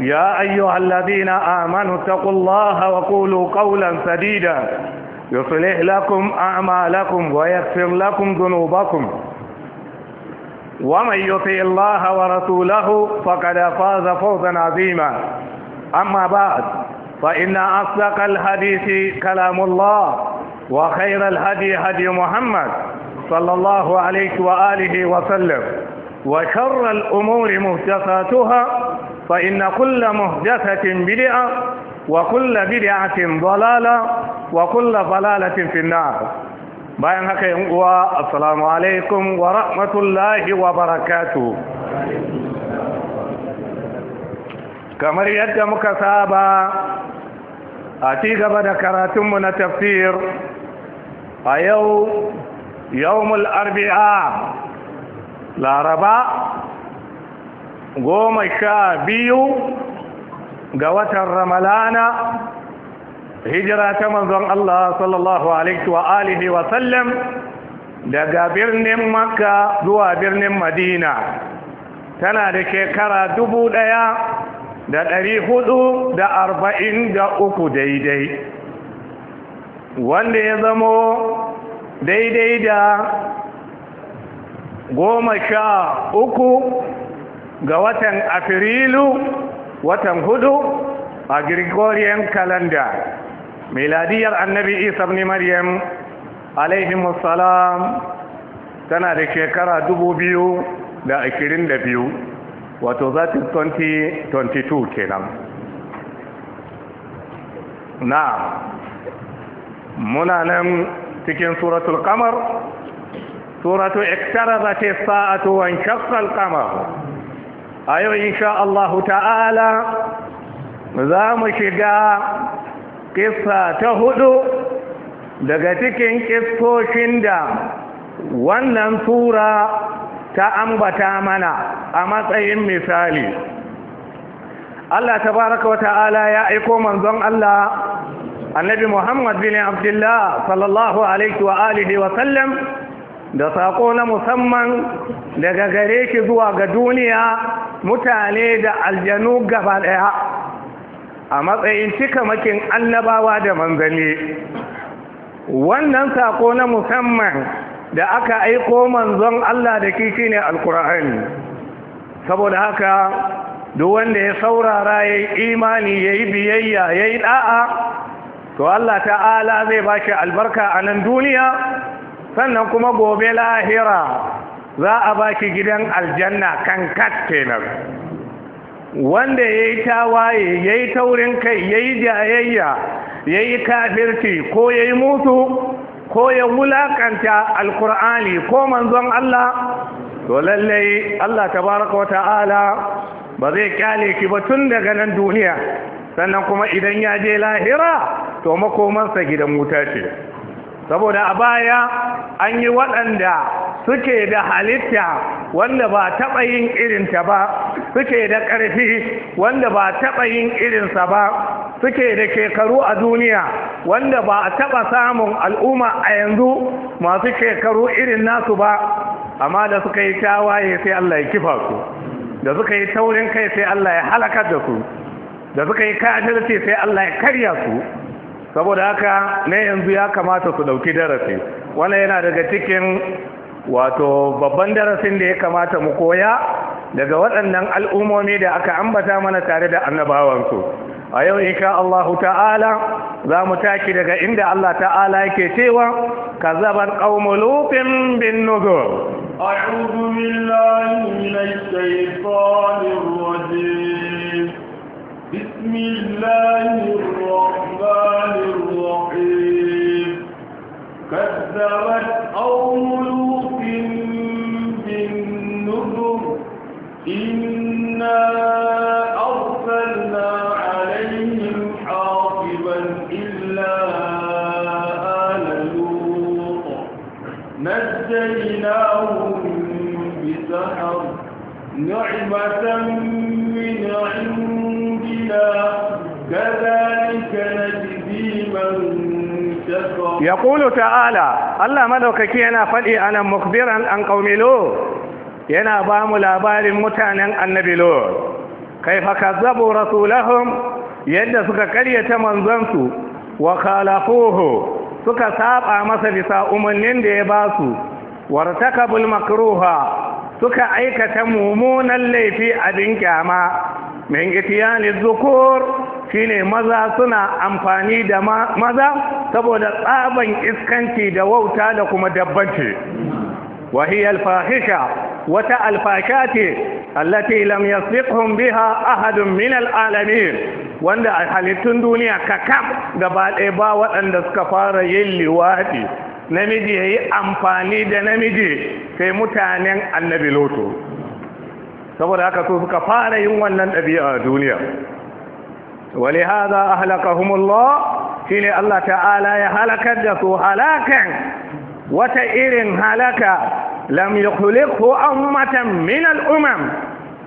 يا أيها الذين آمنوا اتقوا الله وقولوا قولا سديدا يصلح لكم أعمالكم ويغفر لكم ذنوبكم ومن يطيع الله ورسوله فقد فاز فوزا عظيما أما بعد فإن أصدق الحديث كلام الله وخير الهدي هدي محمد صلى الله عليه وآله وسلم وشر الأمور مهتساتها فإن كل مهدثة بدعة وكل بدعة ضلالة وكل ضلالة في النار bayan haka yin uwa assalamu alaikum wa rahmatullahi wa barakatu kamar yadda muka saba a ci gaba da karatunmu na tafsir a yau yawmul arbi'a laraba goma sha biyu ga watan ramalana hijira ta manzon Allah sallallahu alaihi wa alihi wa sallam daga birnin makka zuwa birnin madina tana da shekara dubu ɗaya da ɗari hudu da arba'in da uku daidai wanda ya zamo daidai da goma sha uku ga watan Afrilu, watan hudu a gregorian calendar miladiyar annabi isa ne maryam alaihimussalam tana da shekara biyu. da da wato zatin 2022 kenan na muna nan cikin suratul kamar suratul iktara za ta sa'atu wan kamar a yau insha Allah ta'ala za mu shiga ƙisa ta hudu daga cikin kistoshin da wannan tura ta ambata mana a matsayin misali Allah tabaraka wa ta'ala ya aiko manzon Allah annabi Muhammad bin Abdullah sallallahu alaihi wa alihi wa sallam da sako na musamman daga gare shi zuwa ga duniya mutane da aljanu gaba ɗaya a matsayin cikamakin annabawa da manzanni wannan sako na musamman da aka aiko manzon Allah da kishi ne alkur'ani saboda haka duk wanda ya saurara ya yi imani ya yi biyayya ya yi ɗa'a to Allah ta'ala zai ba shi albarka a nan duniya sannan kuma gobe lahira za a baki gidan aljanna kan kenan wanda ya yi tawaye ya yi taurin kai ya yi jayayya ya yi kafirci ko ya yi mutu ko ya wulakanta alkur'ani ko manzon Allah to lallai Allah tabaraka wa ta'ala ba zai kyale ki ba tun daga nan duniya sannan kuma idan ya je lahira to makomansa gidan wuta ce saboda a baya an yi waɗanda suke da halitta wanda ba taɓa yin irinta ba suke da ƙarfi wanda ba taɓa yin irinsa ba suke da shekaru a duniya wanda ba a taɓa samun al'umma a yanzu masu shekaru irin nasu ba amma da suka yi tawaye sai Allah ya kifa su da suka yi taurin kai sai Allah ya halakar da su da suka yi kafirci sai Allah ya karya su saboda haka na yanzu ya kamata su dauki darasi wannan yana daga cikin wato babban darasin da ya kamata mu koya daga waɗannan al'ummomi da aka ambata mana tare da annabawansu a yau insha Allahu ta'ala za mu taki daga inda Allah ta'ala yake cewa kazaban qaumu lutin bin nuzur a'udhu billahi minash shaitanir rajim بسم الله الرحمن الرحيم كذبت قوم ya ƙulu ta'ala Allah madaukaki yana faɗi anan mukbiran an yana ba mu labarin mutanen annabi lo kai fa kazzabu rasulahum yadda suka karyata manzansu wa khalafuhu suka saba masa bisa umarnin da ya basu wartakabul makruha suka aikata mummunan laifi abin kyama min itiyali zukur shine maza suna amfani da maza saboda tsaban iskanci da wauta da kuma dabbanci wa alfahisha wata alfasha ce allati lam yasbiqhum biha ahadun min alalamin wanda a halittun duniya kakam gaba ɗaya ba waɗanda suka fara yin liwaɗi namiji ya yi amfani da namiji sai mutanen annabi loto saboda haka su suka fara yin wannan ɗabi'a a duniya wali haza shi shine Allah ta'ala ya halakar da su halakan wata irin halaka lam an ummatan min al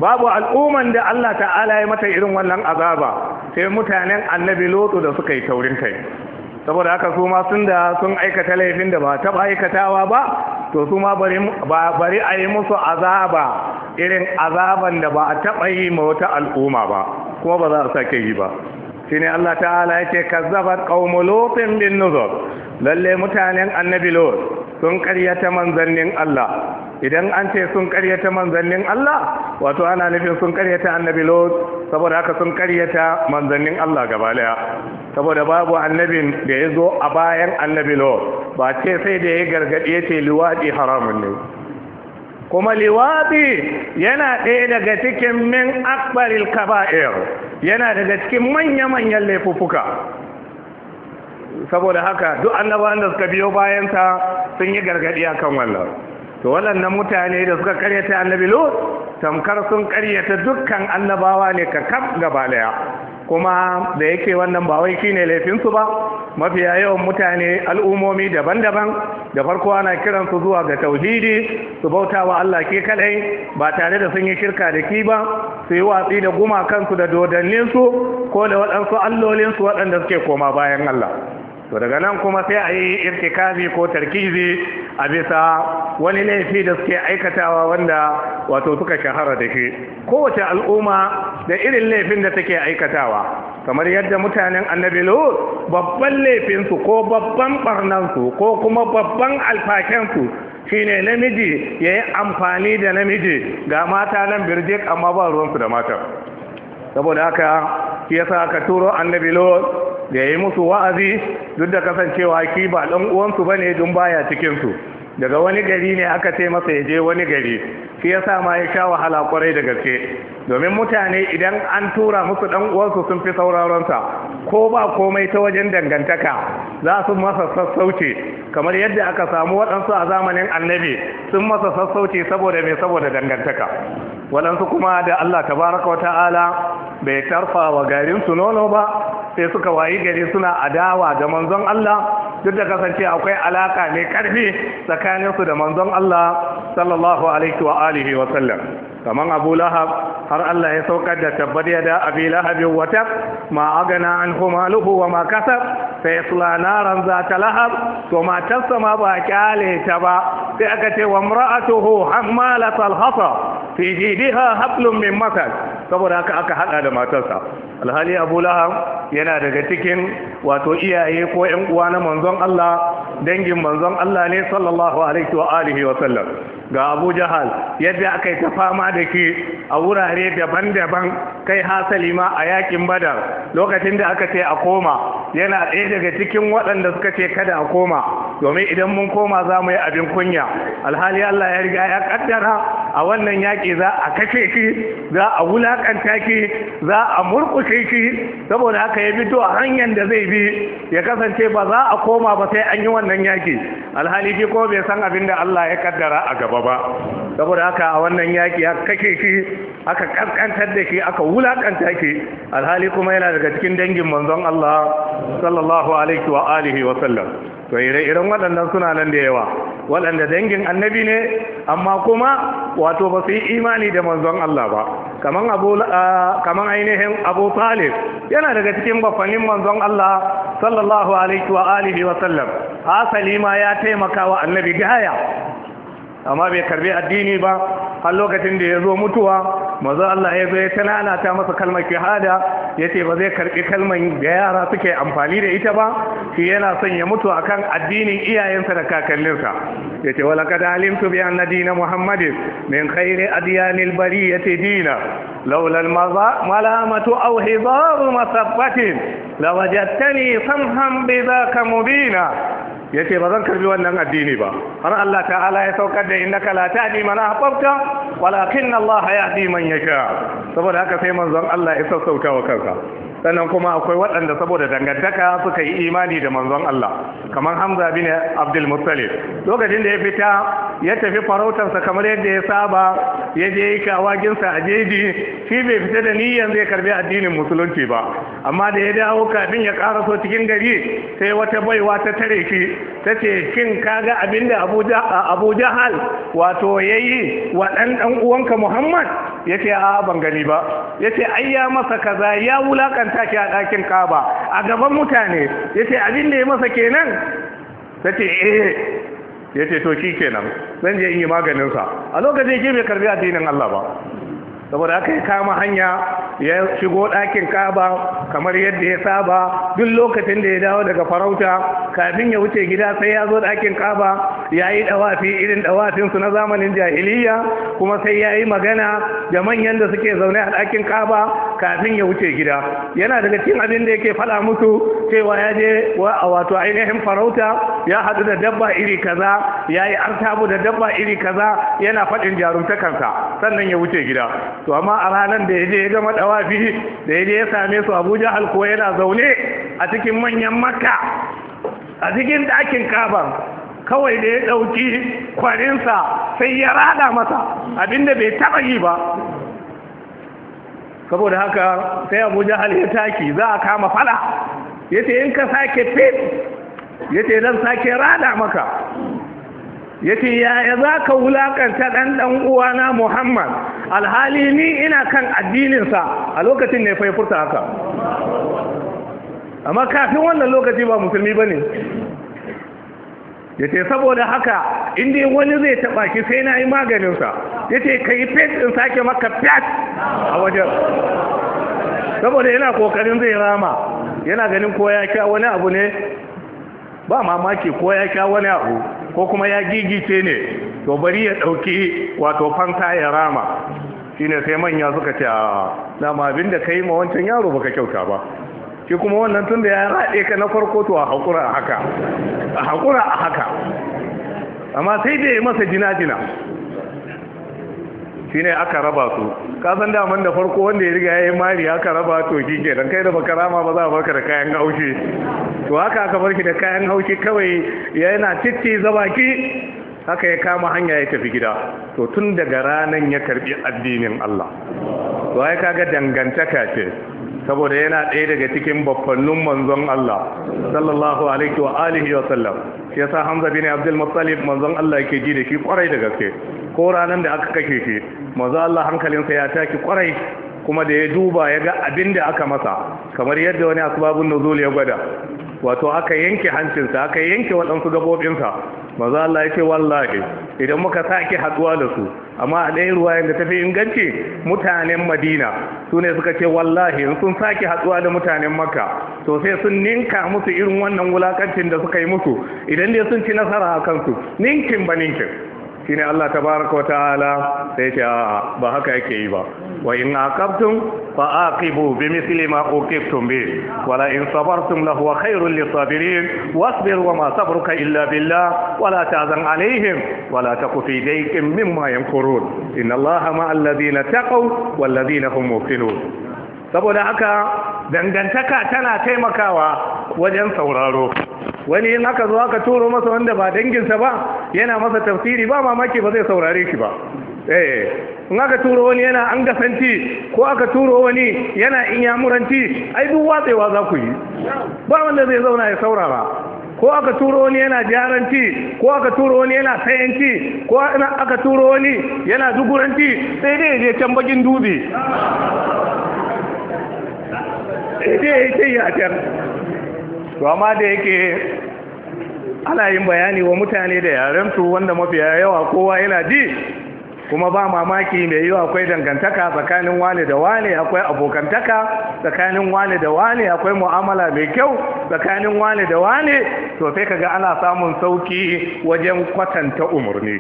babu al'umman da Allah ta'ala ya mata irin wannan azaba sai mutanen annabi lotu da suka yi taurin kai saboda haka su ma sun da sun aikata laifin da ba taɓa aikatawa ba to su ma bari a yi musu azaba irin azaban da ba a taɓa yi ma wata al'umma ba kuma ba za a sake yi ba shi ne Allah ta'ala ya ce kazzabar qaumu lutin bin nuzur lalle mutanen annabi lut sun karyata manzannin Allah idan an ce sun karyata manzannin Allah wato ana nufin sun karyata annabi lut saboda haka sun karyata manzannin Allah gaba daya saboda babu annabin da ya zo a bayan annabi lo ba ce sai da ya gargaɗe ya ce liwaɗi haramun ne kuma liwaɗi yana ɗaya daga cikin min akbaril kaba'ir yana daga cikin manya-manyan laifuffuka saboda haka duk annabawan da suka biyo bayansa sun yi gargaɗi akan wannan to waɗannan mutane da suka karyata annabi lut tamkar sun karyata dukkan annabawa ne ka kam gaba daya kuma da yake wannan ba wai shine laifinsu ba mafiya yawan mutane al'umomi daban-daban da farko ana su zuwa ga tauhidi su bauta wa Allah ke kadai ba tare da sun yi shirka da ki ba su yi watsi da gumakansu da dodanninsu ko da waɗansu allolinsu waɗanda suke koma bayan Allah to daga nan kuma sai a yi irtikafi ko tarkizi a bisa wani laifi da suke aikatawa wanda wato suka shahara da shi kowace al'umma da irin laifin da take aikatawa kamar yadda mutanen annabi lut babban laifinsu ko babban barnansu ko kuma babban alfakensu shine namiji ya yi amfani da namiji ga mata nan birjik amma ba ruwansu da matar saboda haka shi yasa aka turo annabi lot da yayi musu wa'azi duk da kasancewa ki ba dan uwansu bane dun baya cikin su daga wani gari ne aka ce masa ya je wani gari shi yasa ma ya sha wahala kwarai da gaske domin mutane idan an tura musu dan uwansu sun fi sauraron sa. ko ba komai ta wajen dangantaka za su masa sassauci kamar yadda aka samu waɗansu a zamanin annabi sun masa sassauci saboda mai saboda dangantaka waɗansu kuma da Allah tabaraka wa ta'ala bai tarfa wa garinsu nono ba sai suka wayi gari suna adawa da manzon Allah duk da kasance akwai alaka mai karfi tsakaninsu da manzon Allah sallallahu alaihi wa alihi wa sallam kaman Abu Lahab har Allah ya saukar da tabbar da Abi Lahab wa tab ma agana anhu wa ma kasab fa yasla naran zata lahab to ma ba kyale ta ba sai aka ce wa imra'atuhu hammalat al-hasa fi jidiha hablum min masad saboda haka aka haɗa da matarsa alhali Abu yana daga cikin wato iyaye ko ƴan uwa na manzon Allah dangin manzon Allah ne sallallahu alaihi wa alihi wa sallam ga abu jahal yadda aka yi ta fama da ke a wurare daban-daban kai hasali ma a yakin badar lokacin da aka ce a koma yana ɗaya daga cikin waɗanda suka ce kada a koma domin idan mun koma za mu yi abin kunya alhali allah ya riga ya ƙaddara a wannan yaƙi za a kashe ki za a wulaƙanta ki za a murƙushe ki saboda haka ya fito a hanyar da zai bi ya kasance ba za a koma ba sai an yi wannan yaƙi alhali ko bai san abin da allah ya ƙaddara a gaba ba saboda haka a wannan yaki ya kake shi aka kaskantar da shi aka wulakanta shi alhali kuma yana daga cikin dangin manzon Allah sallallahu alaihi wa alihi wa sallam to ire-iren waɗannan suna nan da yawa waɗanda dangin annabi ne amma kuma wato ba su yi imani da manzon Allah ba kaman abu kaman ainihin Abu Talib yana daga cikin bafanin manzon Allah sallallahu alaihi wa alihi wa sallam Ha ma ya taimaka wa annabi gaya amma bai karbi addini ba har lokacin da ya zo mutuwa maza Allah ya zo ya ta masa kalmar shahada ya ce ba zai karbi kalmar da yara suke amfani da ita ba shi yana son ya mutu akan addinin iyayensa da kakanninsa ya ce wala kada alimtu bi anna dina muhammadin min khairi adyanil bariyati dina laula al malamatu aw hidaru masabbatin lawajadtani samham bidaka mubina ya ce ba zan karbi wannan addini ba har Allah ta'ala ya saukar da innaka la ta'di man ahbabta walakin Allah yahdi man yasha saboda haka sai manzon Allah ya sassauta wa kansa sannan kuma akwai waɗanda saboda dangantaka suka yi imani da manzon Allah kamar Hamza bin Abdul Muttalib lokacin da ya fita ya tafi farautarsa kamar yadda ya saba ya je yi kawaginsa a jeji shi bai fita da niyyan zai karbi addinin musulunci ba amma da ya dawo kafin ya so cikin gari sai wata baiwa ta tare shi ta ce shin kaga abinda Abu Jahal wato yayi wa dan dan uwanka Muhammad yace a ban gani ba yace ai ya masa kaza ya wulakanta ta shi a ɗakin kaba a gaban mutane ya ce abin da ya masa kenan ta ce eh ya ce to shi kenan zan je in yi maganinsa a lokacin shi bai karbi addinin Allah ba saboda aka yi kama hanya ya shigo ɗakin kaba kamar yadda ya saba duk lokacin da ya dawo daga farauta kafin ya wuce gida sai ya zo ɗakin kaba ya yi ɗawafi irin ɗawafinsu na zamanin jahiliya kuma sai ya yi magana da manyan da suke zaune a ɗakin kaba kafin ya wuce gida yana daga cikin abin da yake faɗa musu cewa ya je a wa wato ainihin farauta ya haɗu da dabba iri kaza ya yi artabu da dabba iri kaza yana faɗin jarumtakarsa sannan ya wuce gida to amma a ranar da ya je ya gama dawafi da ya je ya same su abuja halko yana zaune a cikin manyan maka, a cikin ɗakin kaban kawai da ya ɗauki kwarinsa sai ya rada masa abinda bai taba yi ba saboda haka sai abuja hal ya taki za a kama fala ya ce in ka sake fit ya ce zan sake rada maka ya yaya za ka wulaƙanta ɗan ɗan uwana muhammad alhali ni ina kan addininsa a lokacin ne fa ya furta haka amma kafin wannan lokaci ba musulmi ba ne ya ce saboda haka inda wani zai taba ki sai na yi maganinsa ya ce ka yi fes in sake maka fes a wajen saboda yana kokarin zai rama yana ganin ko ya kya wani abu ne ba mamaki ko ya sha wani abu ko kuma ya gigice ne to bari ya ɗauki wato fanta ya rama shine sai manya suka ce a dama abin da ka yi ma wancan yaro baka kyauta ba shi kuma wannan tunda da ya rade ka na farko to a haƙura a haka a haƙura haka amma sai da ya masa jina-jina shi ne aka raba su kasan daman da farko wanda ya riga ya yi mari aka raba to shi don kai da baka rama ba za a barka da kayan haushi to haka aka barki da kayan haushi kawai ya yana titi zabaki haka ya kama hanya ya tafi gida to tun daga ranan ya karbi addinin Allah to ai kaga dangantaka ce saboda yana ɗaya daga cikin bakwannin manzon Allah sallallahu alaihi wa alihi wa sallam shi yasa Hamza bin Abdul Muttalib manzon Allah yake ji da shi kwarai da gaske ko ranar da aka kashe shi Maza Allah hankalinsa ya taki kwarai kuma da ya duba ya ga abin da aka masa kamar yadda wani asbabun nuzul ya gwada wato aka yanke hancinsa aka yanke waɗansu gabobinsa Maza Allah ya ce wallahi idan muka sake haɗuwa da su amma a ɗayan ruwayan da tafi inganci mutanen Madina su ne suka ce wallahi in sun sake haɗuwa da mutanen Makka to sai sun ninka musu irin wannan wulakancin da suka yi musu idan dai sun ci nasara a kansu ninkin ba ninkin shine Allah tabaraka wata'ala ta'ala sai ce a'a ba haka yake yi ba wa in aqabtum fa aqibu bi misli ma uqibtum bi wala in sabartum la huwa khairul lisabirin wasbir wa ma sabruka illa billah wala ta'zan alaihim wala taku fi dayqin mimma yankurun inna Allaha ma'al ladina taqaw wal ladina hum muqinun saboda haka dangantaka tana taimakawa wajen sauraro wani in aka zo aka turo masa wanda ba danginsa ba yana masa tafsiri ba mamaki ba zai saurare shi ba eh in aka turo wani yana angasanci ko aka turo wani yana inyamuranci ai duk watsewa za ku yi ba wanda zai zauna ya saurara ko aka turo wani yana jaranti ko aka turo wani yana sayanci ko aka turo wani yana duguranci sai dai ya je can bakin dutse sai ya yi yi a to amma da yake ana yin bayani wa mutane da yarensu wanda mafiya yawa kowa yana ji kuma ba mamaki mai yiwu akwai dangantaka tsakanin wane da wane akwai abokantaka tsakanin wane da wane akwai mu'amala mai kyau tsakanin wane da wane to sai kaga ana samun sauki wajen kwatanta umarni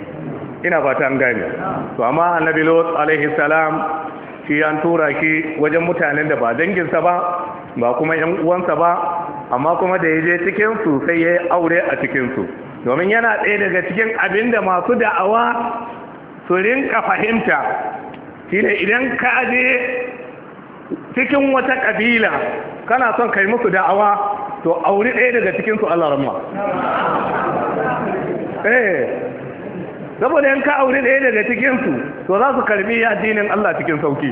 ina ba ta gane to amma annabi lot alaihi salam shi an tura ki wajen mutanen da ba danginsa ba ba kuma yan uwansa ba amma kuma da ya je cikin su sai ya yi aure a cikin su domin yana ɗaya daga cikin abin da masu da'awa su rinka fahimta ne idan ka je cikin wata kabila kana son kai musu da'awa to auri ɗaya daga cikin su Allah rahma eh saboda in ka auri ɗaya daga cikin su to za su karbi addinin Allah cikin sauki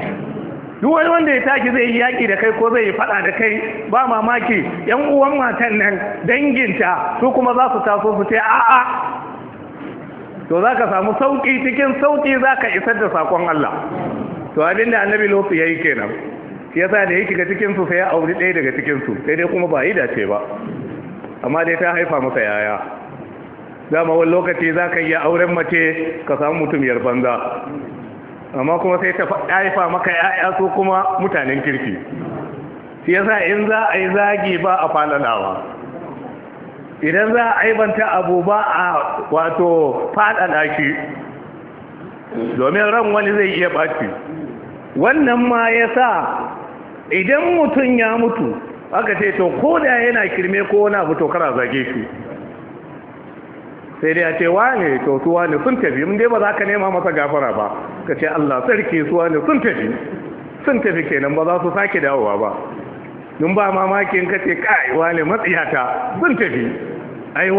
duk wani wanda ya taki zai yi yaƙi da kai ko zai yi faɗa da kai ba mamaki yan uwan matan nan danginta su kuma za su taso su ce a'a to za ka samu sauƙi cikin sauƙi za ka isar da saƙon Allah to abin da annabi lotu ya yi kenan shi yasa da ya shiga cikinsu sai ya auri ɗaya daga cikinsu sai dai kuma ba yi dace ba amma dai ta haifa masa yaya dama wani lokaci za ka iya auren mace ka samu mutum yar banza amma kuma sai ta haifa maka ya'ya su kuma mutanen kirki shi yasa in za a yi zagi ba a falalawa idan za a aibanta abu ba a wato faɗaɗa shi domin ran wani zai iya baci wannan ma ya sa idan mutum ya mutu aka ce to ko da yana kirme ko wani abu to kara zage shi sai dai a ce wane to su ne sun tafi mun dai ba za ka nema masa gafara ba ka ce Allah sarki su ne sun tafi sun tafi kenan ba za su sake dawowa ba mun ba mamaki in ka ce kai ne matsiyata sun tafi ai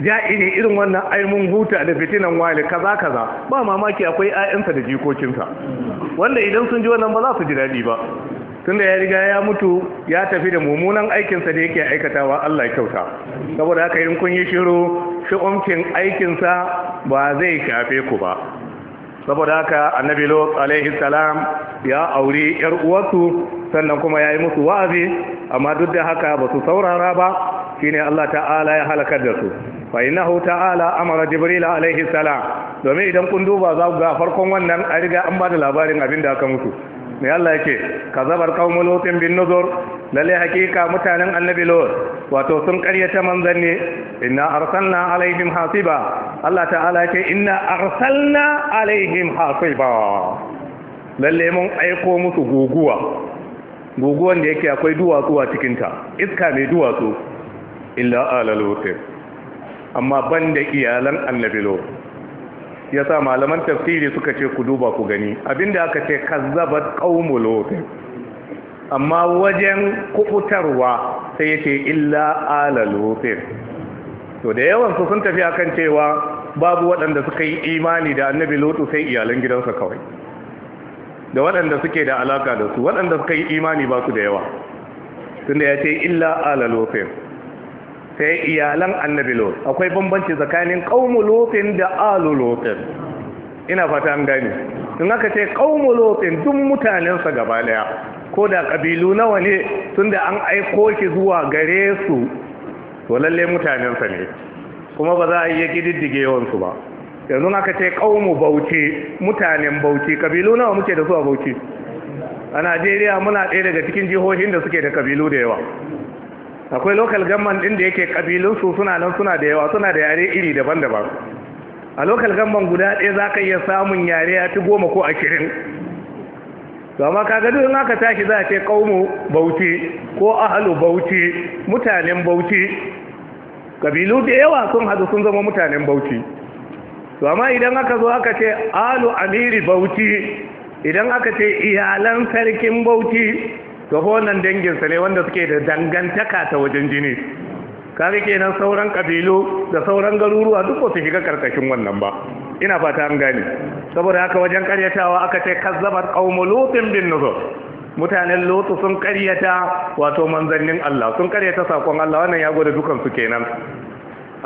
ja'i ne irin wannan ai mun huta da fitinan ne kaza kaza ba mamaki akwai ayyansa da jikokinsa wanda idan sun ji wannan ba za su ji daɗi ba tunda ya riga ya mutu ya tafi da mummunan aikinsa da yake aikatawa Allah ya kyauta saboda haka in kun yi shiru umkin aikinsa ba zai shafe ku ba saboda haka annabi lot alaihi salam ya auri yar uwarsu sannan kuma ya yi musu wa'azi amma duk da haka ba su saurara ba shine Allah ta'ala ya halakar da su fa innahu ta'ala amara jibril alaihi salam domin idan kun duba za ku ga farkon wannan a riga an ba da labarin abin da aka mutu Me Allah yake kazabar qaumul lotin bin nuzur lalle hakika mutanen annabi lut wato sun karyata manzanni inna arsalna alaihim hasiba Allah ta'ala yake inna arsalna alaihim hasiba lalle mun aiko musu guguwa guguwan da yake akwai duwatsu a cikinta iska mai duwatsu illa ala lutin amma banda iyalan annabi lut ya sa malaman tafsiri suka ce ku duba ku gani abinda aka ce kazzabat qaumul lut amma wajen kubutarwa sai yace illa ala lut to da yawan su sun tafi akan cewa babu waɗanda suka yi imani da annabi lutu sai iyalan gidansa kawai da waɗanda suke da alaka da su waɗanda suka yi imani ba su da yawa tunda ya ce illa ala lut sai iyalan annabi lot akwai bambanci tsakanin qaumu lotin da alu lotin ina fata an gani in aka ce qaumu lotin duk mutanen sa gaba daya ko da kabilu nawa ne tunda an aiko ki zuwa gare su to lalle mutanen ne kuma ba za a iya kididdige yawansu su ba yanzu aka ce qaumu bauchi mutanen bauchi kabilu nawa muke da su a bauchi a Najeriya muna ɗaya daga cikin jihohin da suke da kabilu da yawa akwai lokal gamman din da yake su suna nan suna da yawa suna da yare iri daban-daban a lokal gamman guda ɗaya za ka iya samun yare ya fi goma ko ashirin to amma kaga duk in aka tashi za a ce kaumu bauchi ko ahalu bauchi mutanen bauchi kabilu da yawa sun hadu sun zama mutanen bauchi to amma idan aka zo aka ce alu amiri bauchi idan aka ce iyalan sarkin bauchi to wannan danginsa ne wanda suke da dangantaka ta wajen jini kare kenan sauran kabilu da sauran garuruwa duk su shiga karkashin wannan ba ina fata an gane saboda haka wajen karyatawa aka ce kazzabat qaumu lutin bin nuzur mutanen Lutu sun karyata wato manzannin Allah sun karyata sakon Allah wannan ya gode dukan su kenan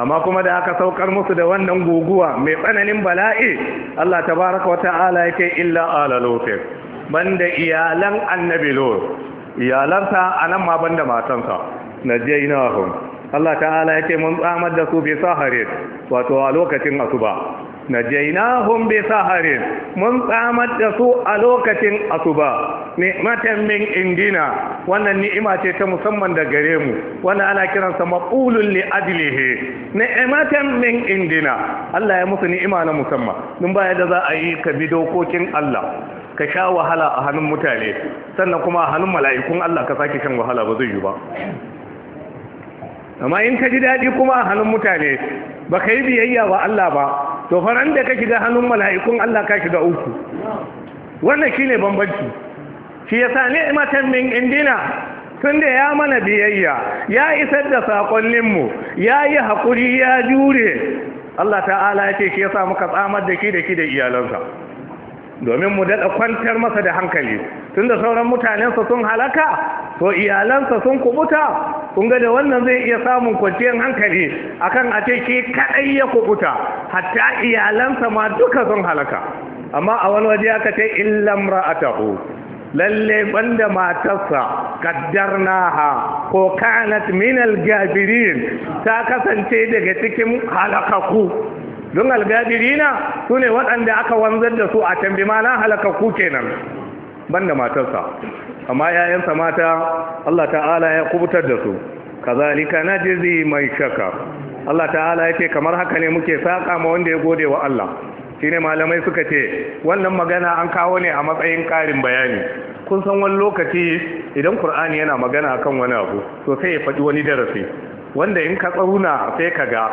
amma kuma da aka saukar musu da wannan guguwa mai tsananin bala'i Allah tabaraka wa ta'ala yake illa ala lutin banda iyalan annabi lut Iyalarsa a nan ma ban da matansa na je ina Allah ta'ala ya ce mun tsamar da su sa saharin wato a lokacin asuba Na najaynahum bi saharin mun tsamar da su a lokacin asuba ni'matan min indina wannan ni'ima ce ta musamman da gare mu wannan ana kiransa maqulun li ajlihi ni'matan min indina Allah ya musu ni'ima na musamman Mun baya da za a yi ka bi dokokin Allah ka sha wahala a hannun mutane sannan kuma a hannun mala'ikun Allah ka sake shan wahala ba zai yi ba amma in ka ji daɗi kuma a hannun mutane ba ka yi biyayya ba Allah ba to faran da ka shiga hannun mala'ikun Allah ka shiga uku wannan shine bambanci shi sani imatan min indina da ya mana biyayya ya isar da saƙonninmu ya yi haƙuri ya jure Allah ta'ala ya ce shi ya sa muka tsamar da shi da shi da iyalansa domin mu daɗa kwantar masa da hankali tun da sauran mutanensa sun halaka to iyalansa sun kubuta kun ga da wannan zai iya samun kwanciyar hankali akan a ce ke kaɗai ya kubuta hatta iyalansa ma duka sun halaka amma a wani waje aka ce illam ra'atahu lalle banda matarsa kaddarnaha ko kanat minal gabirin ta kasance daga cikin halakaku don algadirina su ne waɗanda aka wanzar da su a can bi mana halakakku kenan banda matarsa amma yayansa mata Allah ta'ala ya kubutar da su kazalika najzi mai shaka Allah ta'ala ya ce kamar haka ne muke saƙa ma wanda ya gode wa Allah Shi ne malamai suka ce wannan magana an kawo ne a matsayin ƙarin bayani kun san wani lokaci idan Kur'ani yana magana akan wani abu sosai ya faɗi wani darasi wanda in ka tsauna sai ka ga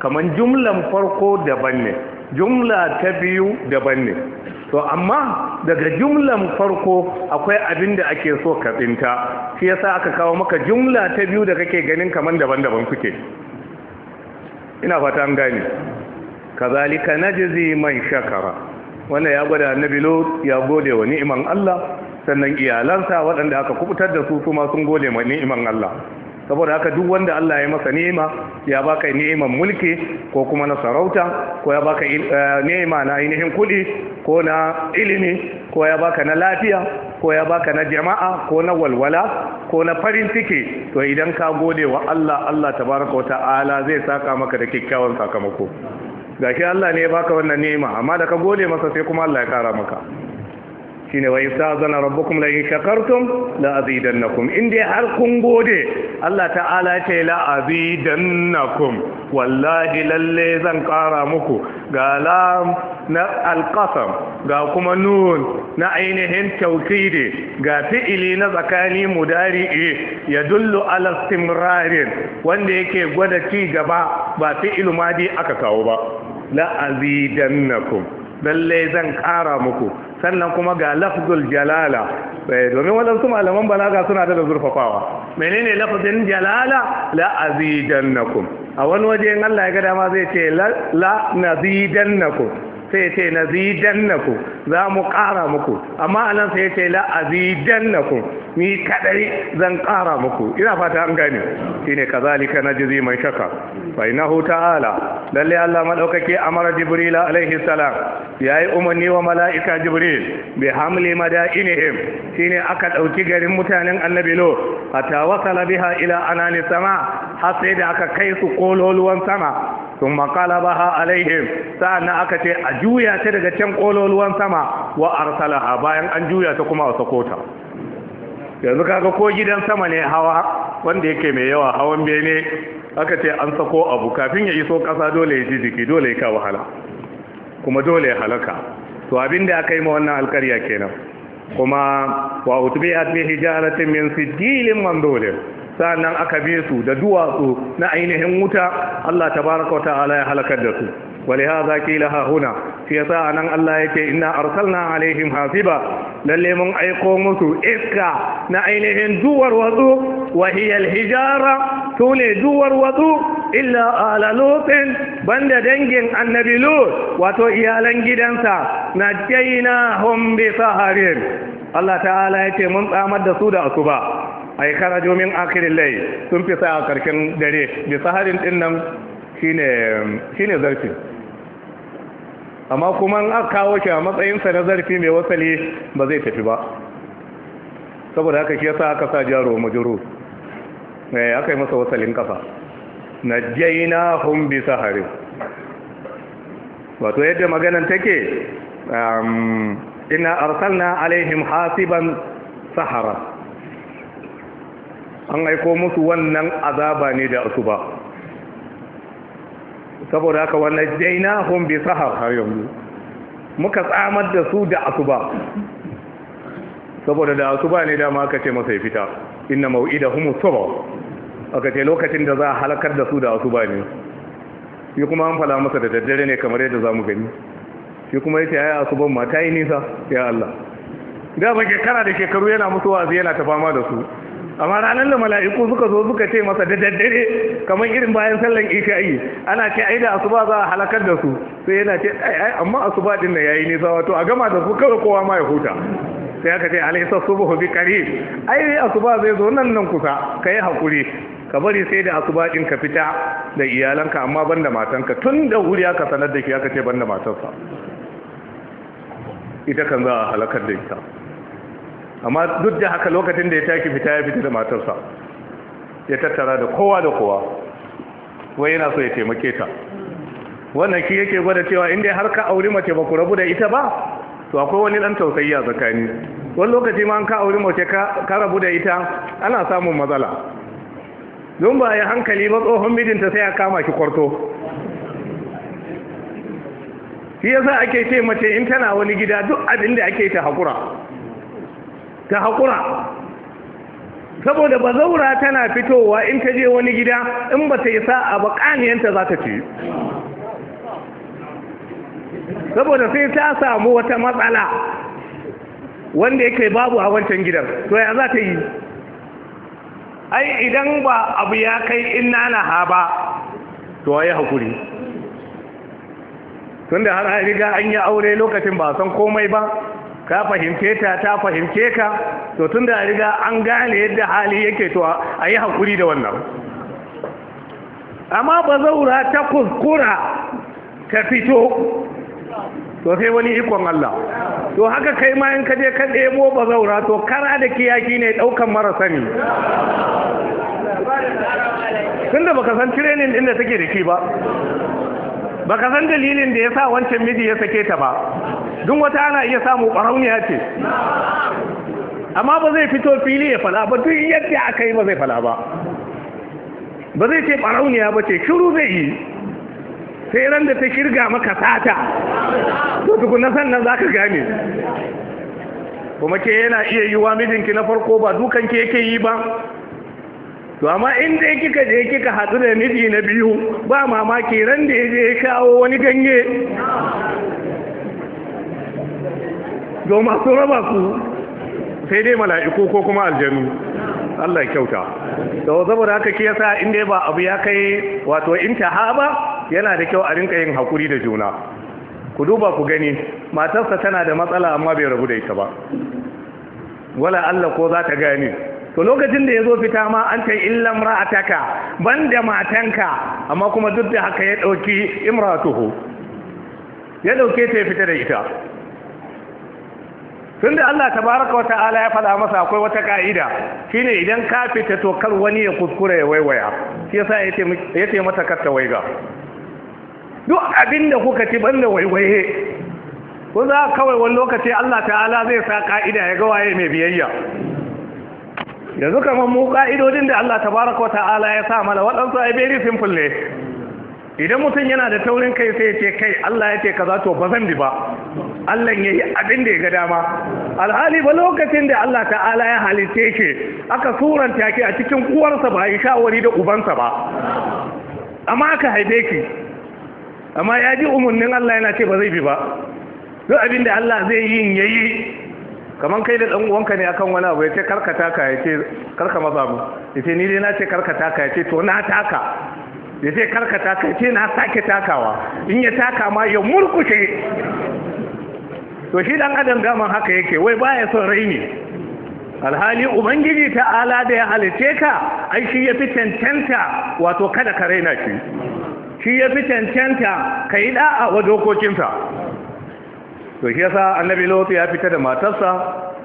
kamar jumlan farko daban ne jumla ta biyu daban ne to amma daga jumlan farko akwai abin da ake so ka tsinta shi yasa aka kawo maka jumla ta biyu da kake ganin kamar daban-daban kuke. ina fata an gane kazalika najzi man shakara wannan ya gwada annabi lut ya gode wa ni'iman Allah sannan iyalansa waɗanda aka kubutar da su kuma sun gode wa ni'iman Allah saboda haka duk wanda Allah ya masa ni'ima ya baka ni'iman mulki ko kuma na sarauta ko ya baka eh, ni'ima na ainihin kuɗi ko na ilimi ko ya baka na lafiya ko ya baka na jama'a ko na walwala ko na farin ciki to idan ka gode wa Allah Allah tabaraka wata'ala zai saka maka da kyakkyawan sakamako gashi Allah ne ya baka wannan ni'ima amma da ka gode masa sai kuma Allah ya kara maka shine wa zana rabbukum la in shakartum la azidannakum in dai har kun gode Allah ta'ala ce la azidannakum wallahi lalle zan kara muku ga lam na alqasam ga kuma nun na ainihin tawkidi ga fi'ili na tsakani mudari'i ya ala istimrarin wanda yake gwada ci gaba ba fi'il madi aka kawo ba la azidannakum lalle zan kara muku sannan kuma ga lafzul jalala eh, domin waɗansu malaman balaga suna da zurfafawa menene lafzin jalala la azidannakum a wani waje in Allah ya ga dama zai ce la nazidannakum sai ya ce na ku za mu ƙara muku amma anan sai ya ce la ni kadai zan ƙara muku ina fata an gane shine kazalika najzi mai shaka fa innahu ta'ala lalle Allah maɗaukaki amara jibril alaihi salam yayi umarni wa mala'ika jibril bi hamli Shi shine aka ɗauki garin mutanen annabi lo hatta wasala biha ila anani sama har sai da aka kai su kololuwan sama sun makala baha alaihim sa'an aka ce a juya ta daga can kololuwan sama wa arsalaha bayan an juya ta kuma a sakota yanzu kaga ko gidan sama ne hawa wanda yake mai yawa hawan bene aka ce an sako abu kafin ya iso kasa dole ya ji jiki dole ya kawo hala kuma dole ya halaka to abin da aka yi ma wannan alkarya kenan kuma wa utbi'at bi hijaratin min sijilin mandulin sannan aka bi su da duwatsu na ainihin wuta Allah tabaraka wa ta'ala ya halakar da su ولهذا قيل ها هنا في يسا أن الله يتي إنا أرسلنا عليهم حاسبا للي من أيقو مسو إسكا نعينهم دور وضو وهي الحجارة تولي دور وضو إلا آل لوط بند دنجن النبي لوط وتو إيالن جدنسا نجيناهم بسهر Allah ta'ala ya ce mun tsamar da su da asuba ai kharaju min akhirin lay sun fi sa a karkin dare bi saharin din nan shine shine zarfin amma kuma an aka kawo shi a matsayinsa na zarfi mai wasali ba zai tafi ba saboda haka shi yasa aka sa jaro majuru eh aka yi masa wasalin kafa najjayna hum bi sahari wato yadda maganan take um inna arsalna alaihim hasiban sahara an aiko musu wannan azaba ne da asuba saboda haka wannan jaina hun bi sahar har yanzu muka tsamar da su da asuba saboda da asuba ne dama aka ce masa ya fita inna mau'ida humu saba aka ce lokacin da za a halakar da su da asuba ne shi kuma an fala masa da daddare ne kamar yadda za mu gani shi kuma ya ce ya asuban ma ta yi nisa ya Allah da ba shekara da shekaru yana musu wazi yana ta fama da su amma ranar da mala'iku suka zo suka ce masa da daddare kamar irin bayan sallan isha'i ana ce ai da asuba za a halakar da su sai yana ce ai amma asuba din da yayi nisa wato a gama da su kawai kowa ma ya huta sai aka ce su bahu bi kare ai asuba zai zo nan nan kusa ka yi hakuri ka bari sai da asuba din ka fita da iyalanka amma ban da matanka tun da wuri aka sanar da ke aka ce ban da matarsa ita kan za a halakar da ita amma duk da haka lokacin da ya taki fita ya fita da matarsa ya tattara da kowa da kowa wai yana so ya taimake ta wannan ki yake gwada cewa inda har ka auri mace ba ku rabu da ita ba to akwai wani dan tausayi a tsakani wani lokaci ma an ka auri mace ka rabu da ita ana samun matsala don ba ya hankali ba tsohon mijinta sai ya kama ki kwarto shi yasa ake ce mace in tana wani gida duk abin da ake ta hakura ta haƙura saboda ba zaura tana fitowa in ta je wani gida in ba ta yi sa'a ba ƙaniyanta za ta ce saboda sai ta samu wata matsala wanda yake babu a wancan gidan to ya za ta yi ai idan ba abu ya kai in nana ha ba to ya haƙuri tunda har riga an yi aure lokacin ba san komai ba ka fahimce ta ta fahimce ka to tun da riga an gane yadda hali yake to a yi haƙuri da wannan amma ba zaura ta kuskura ta fito to sai wani ikon Allah to haka kai ma in ka je ka ɗebo ba zaura to kara da kiyaki ne ɗaukan mara sani da baka san training din da take da shi ba baka san dalilin da yasa wancan miji ya sake ta ba duk wata ana iya samu barauniya ce amma ba zai fito fili ya fada ba duk yadda aka yi ba zai fada ba ba zai ce barauniya ba ce shiru zai yi sai ran da ta shirga maka sata to tukuna sannan za ka gane kuma ke yana iya yi wa mijinki na farko ba dukan ke yake yi ba to amma in dai kika je kika haɗu da miji na biyu ba mamaki ran da ya je ya shawo wani ganye ga masu raba ku sai dai mala'iku ko kuma aljanu Allah ya kyauta Da saboda haka ke yasa in dai ba abu ya kai wato intaha ba yana da kyau a rinka yin hakuri da juna ku duba ku gani matarsa tana da matsala amma bai rabu da ita ba wala Allah ko za ta gani? to lokacin da ya zo fita ma an ta illan ra'ataka banda matanka amma kuma duk da haka ya dauki imratuhu ya ɗauke ta ya fita da ita tun da Allah wata ala ya faɗa masa akwai wata ka'ida shine idan ka fita to kar wani ya kuskure ya waiwaya shi yasa ya ce mata kar ta waiga duk abin da kuka ci banda waiwaye ko za kawai wani lokaci Allah ta'ala zai sa ka'ida ya ga waye mai biyayya yanzu kamar mu ka'idodin da Allah tabaraka wata'ala ya sa mana waɗansu a very simple ne idan mutum yana da taurin kai sai ya ce kai Allah ya ce kaza to ba zan bi ba Allah ya yi abin da ya ga dama alhali ba lokacin da Allah ta'ala ya halitte shi aka suranta ki a cikin uwarsa ba yi shawari da ubansa ba amma aka haife ki amma ya ji umarnin Allah yana ce ba zai bi ba duk abin da Allah zai yi ya yi kamar kai da ɗan'uwanka ne akan wani abu ya ce karkata ka ya ce karka maza mu ya ni dai na ce karkata ka ya ce to na taka ya ce ka ya ce na sake takawa in ya taka ma ya murkushe to shi dan adam daman haka yake wai baya son raini alhali ubangiji ta ala da ya halice ka ai shi ya fi cancanta wato kada ka raina shi shi ya fi cancanta ka yi da'a wa dokokinsa to shi yasa annabi lotu ya fita da matarsa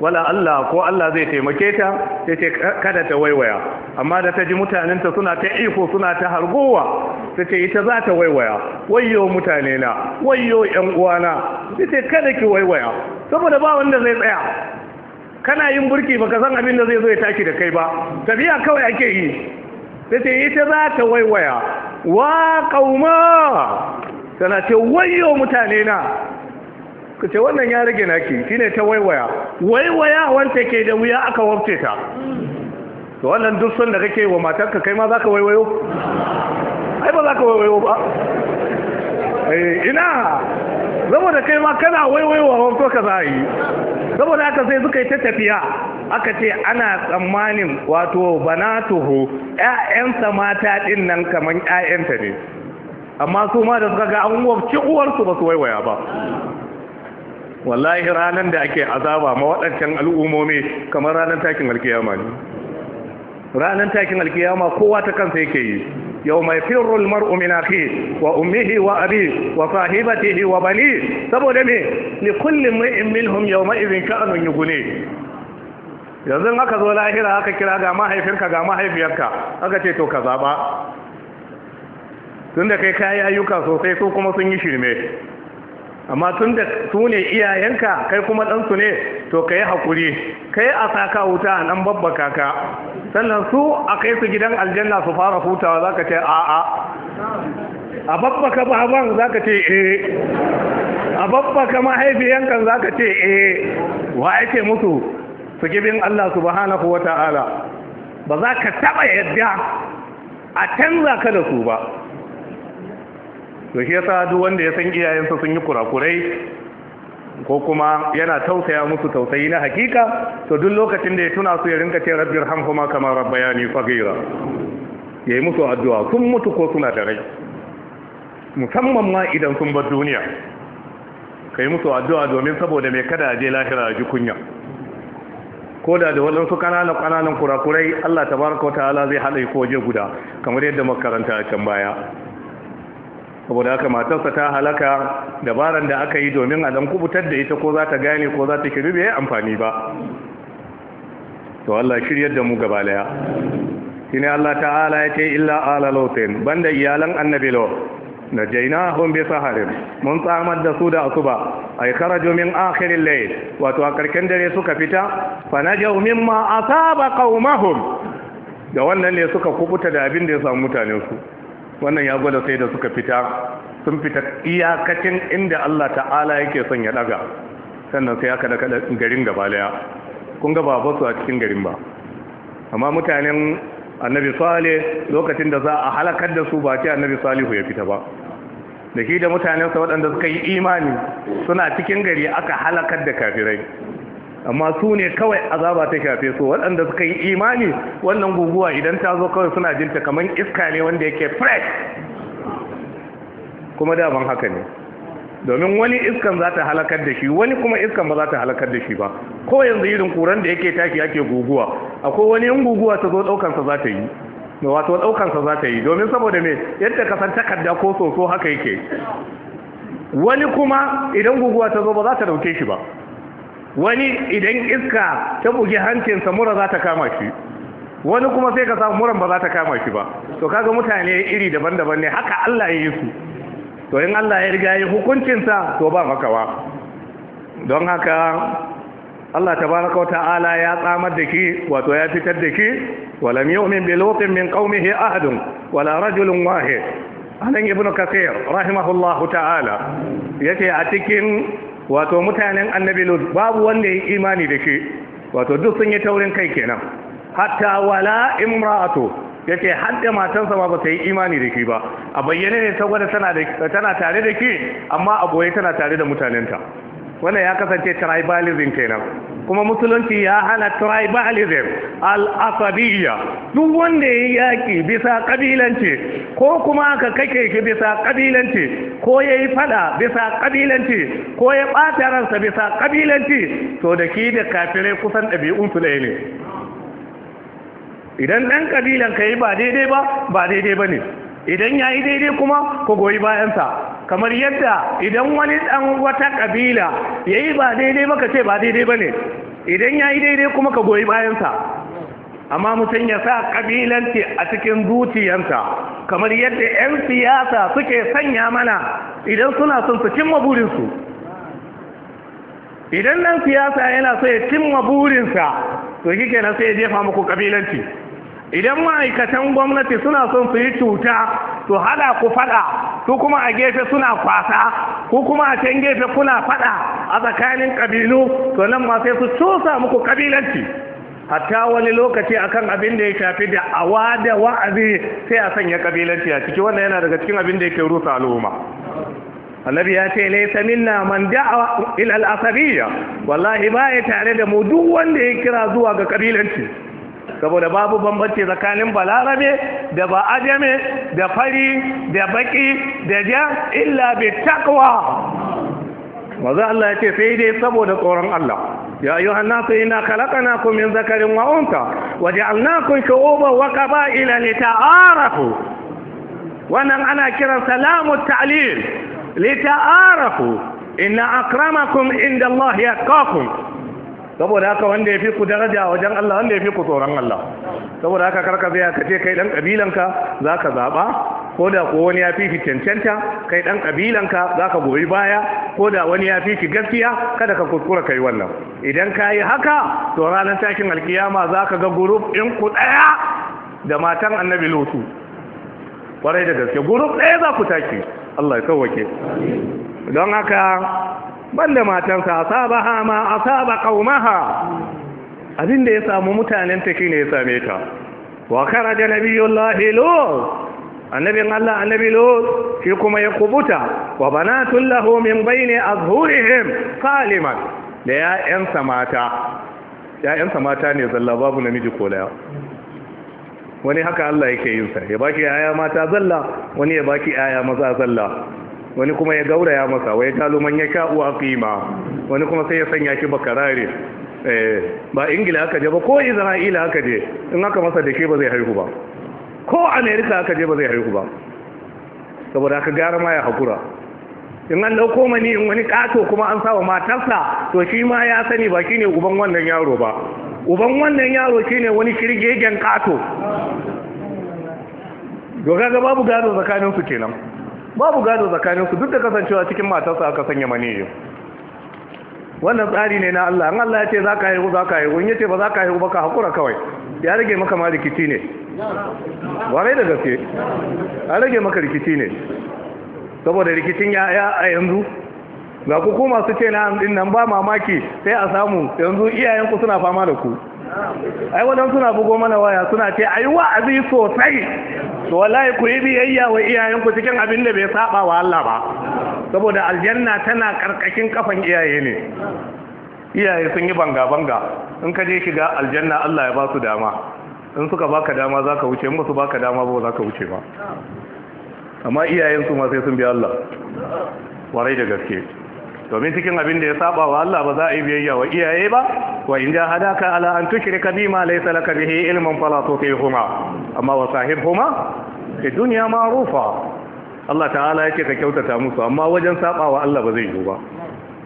wala Allah ko Allah zai taimake ta sai ce kada ta waiwaya amma da ta ji mutanenta suna ta iko suna ta hargowa sai ce ita za ta waiwaya wayyo mutane na wayyo yan uwana sai ce kada ki waiwaya saboda ba wanda zai tsaya kana yin burki baka san abin da zai zo ya taki da kai ba tafiya kawai ake yi sai ce ita za ta waiwaya wa kauma tana ce wayyo mutane na ku ce wannan ya rage naki ne ta waiwaya waiwaya wanda ke da wuya aka wafce ta to wannan duk sun da kake wa matarka kai ma za ka waiwayo ai ba za ka waiwayo ba eh ina saboda kai ma kana waiwayo wa wafto ka za yi saboda aka sai suka yi ta tafiya aka ce ana tsammanin wato banatuhu ƴaƴansa mata din nan kamar ƴaƴanta ne amma su ma da suka ga an wafce uwarsu ba su waiwaya ba wallahi ranar da ake azaba ma waɗancan al'ummomi kamar ranar takin alkiyama ne ranar takin alkiyama kowa ta kansa yake yi yau mai firul mar'u min wa ummihi wa abi wa sahibatihi wa bani saboda me li kulli mar'in minhum yawma idhin sha'anun gune. yanzu aka zo lahira aka kira ga mahaifinka ga mahaifiyarka aka ce to ka zaba tunda kai kayi ayyuka sosai su kuma sun yi shirme amma tun da su ne iyayenka kai kuma ɗansu ne to ka yi haƙuri kai a saka wuta a nan babba kaka sannan su a kai su gidan aljanna su fara hutawa za ka ce a'a a babba ka baban za ka ce e a babba ka mahaifiyankan za ka ce e wa ake musu su gibin Allah subhanahu wa ta'ala ba za ka taɓa yadda a canza ka da su ba to shi yasa duk wanda ya san iyayensa sun yi kurakurai ko kuma yana tausaya musu tausayi na hakika to duk lokacin da ya tuna su ya rinka ce rabbir hamhuma kama rabbayani Ya yi musu addu'a sun mutu ko suna da rai musamman ma idan sun bar duniya kai musu addu'a domin saboda mai kada a je lahira a ji kunya ko da da waɗansu kananan kananan kurakurai Allah tabaraka wa ta'ala zai haɗa ko je guda kamar yadda makaranta a can baya saboda haka matarsa ta halaka dabaran da aka yi domin a dan kubutar da ita ko za ta gane ko za ta kiri bai amfani ba to Allah shiryar da mu gaba daya shine Allah ta'ala ya ce illa ala lawtin banda iyalan annabi law na jaina hun bi saharin mun tsamar da su da asuba ay kharaju min akhir al-layl wato a karken dare suka fita fa najaw mimma asaba qaumahum da wannan ne suka kubuta da abin da ya samu mutanen su wannan ya gwada sai da suka fita sun fita iyakacin inda Allah ta'ala yake son ya daga sannan sai aka daga garin gaba kun ga ba su a cikin garin ba amma mutanen annabi sale lokacin da za a halakar da su ba ce annabi salihu ya fita ba da shi da mutanensa waɗanda suka yi imani suna cikin gari aka halakar da kafirai amma su ne kawai azaba ta shafe su waɗanda suka yi imani wannan guguwa idan ta zo kawai suna jinta kamar iska ne wanda yake fresh kuma daban haka ne domin wani iskan za ta halakar da shi wani kuma iskan ba za ta halakar da shi ba ko yanzu irin kuran da yake tashi yake guguwa akwai wani yin guguwa ta zo ɗaukansa za ta yi wato ɗaukansa za ta yi domin saboda me yadda ka san takarda ko soso haka yake wani kuma idan guguwa ta zo ba za ta ɗauke shi ba wani idan iska ta bugi hancinsa mura za ta kama shi wani kuma sai ka samu muran ba za ta kama shi ba to kaga mutane iri daban-daban ne haka Allah ya yi su to in Allah ya riga yi hukuncinsa to ba makawa don haka Allah tabaraka wa ta'ala ya tsamar da ki wato ya fitar da ki wala yu'min bi lutin min qaumihi ahadun wala rajulun wahid anan ibnu kathir rahimahullahu ta'ala yake a cikin wato mutanen annabi lut babu wanda ya imani da shi wato duk sun yi taurin kai kenan hatta wala imra'atu yake hadda matansa ba ta yi imani da shi ba a bayyane ne saboda tana tare da ki amma a boye tana tare da mutanenta wannan ya kasance tribalism kenan kuma musulunci ya hana tribalism al'asabiyya duk wanda ya yaƙi bisa kabilanci ko kuma aka kake shi bisa kabilanci ko ya yi fada bisa kabilanci ko ya ɓata ransa bisa kabilanci to da ki da kafirai kusan su ɗaya ne idan ɗan kabilan ka yi ba daidai ba ba daidai ba ne idan ya yi daidai kuma ku goyi bayansa kamar yadda idan wani ɗan wata kabila ya yi ba daidai ba ka ce ba daidai ba ne idan ya yi daidai kuma ka goyi bayansa amma mutum ya sa kabilanci a cikin zuciyarsa kamar yadda 'yan siyasa suke sanya mana idan suna son su cimma burinsu idan nan siyasa yana so ya cimma burinsa to kike na sai ya jefa muku kabilanci. idan ma'aikatan gwamnati suna son su yi cuta to hada ku fada su kuma a gefe suna kwasa ku kuma a can gefe kuna fada a tsakanin kabilu to nan ma sai su cusa muku kabilanci hatta wani lokaci akan abin da ya shafi da awa da wa'azi sai a sanya kabilanci a ciki wannan yana daga cikin abin da yake rusa al'umma annabi ya ce laysa minna man da'a ila al-asabiyya wallahi ba ya tare da mu duk wanda ya kira zuwa ga kabilanci saboda babu bambanci tsakanin balarabe da ba ajame da fari da baki da ja illa bi taqwa maza Allah ya ce sai dai saboda tsoron Allah ya yi hannasu ina kalakana ku min zakarin wa'unta waje annakun shu'uban wa qaba'ila li ta'arafu wannan ana kiran salamu ta'lil li ta'arafu inna akramakum inda Allah yaqakum saboda haka wanda ya fi ku daraja wajen Allah wanda ya fi ku tsoron Allah saboda haka karka zai ka ce kai dan kabilanka za ka zaɓa ko da ko wani ya fi ki cancanta kai dan kabilanka za ka goyi baya ko da wani ya fi ki gaskiya kada ka kuskura kai wannan idan ka yi haka to ranar takin alkiyama za ka ga guruf in ku ɗaya da matan annabi lutu kwarai da gaske guruf ɗaya za ku take Allah ya kawwake don haka banda matansa asabaha ma asaba qaumaha abin da ya samu mutanen ta shine ya same ta wa kharaja nabiyullahi lut annabin Allah annabi lut shi kuma ya kubuta wa banatun lahu min bayni azhurihim saliman da ya ya'yansa mata ya'yansa mata ne zalla babu namiji ko laya. wani haka Allah yake yin sa ya baki yaya mata zalla wani ya baki yaya maza zalla wani kuma ya gauraya masa wai taluman ya sha uwa fima wani kuma sai ya sanya shi bakarare eh ba ingila aka je ba ko isra'ila aka je in aka masa da ke ba zai haihu ba ko america aka je ba zai haihu ba saboda aka gara ma ya hakura in an dauko mani in wani kato kuma an sawa matarsa to shi ma ya sani ba shine uban wannan yaro ba uban wannan yaro shine wani kirgegen kato to ga babu gado tsakaninsu su kenan babu gado tsakaninku duk da kasancewa cikin matarsa aka sanya maniyu. wannan tsari ne na Allah an Allah ya ce za ka haihu za ka haihu in ya ce ba za ka haihu ba ka haƙura kawai ya rage maka ma rikici ne warai da gaske ya rage maka rikici ne saboda rikicin ya a yanzu ga ku masu ce na din nan ba mamaki sai a samu yanzu iyayenku suna fama da ku ai wadan suna bugo mana waya suna ce ai wa'azi sosai to wallahi ku yi biyayya wa iyayenku cikin abin da bai saba wa Allah ba saboda aljanna tana karkashin kafan iyaye ne iyaye sun yi banga banga in ka je shiga aljanna Allah ya ba su dama in suka baka dama zaka wuce in ba su baka dama ba zaka wuce ba amma iyayen su ma sai sun bi Allah warai da gaske domin cikin abin da ya saba wa Allah ba za a yi biyayya wa iyaye ba wa in ja hadaka ala an tushrika bima laysa laka bihi ilmun fala tutihuma amma wa sahibhuma fi dunya ma'rufa Allah ta'ala yake ka kyautata musu amma wajen saba wa Allah ba zai yi ba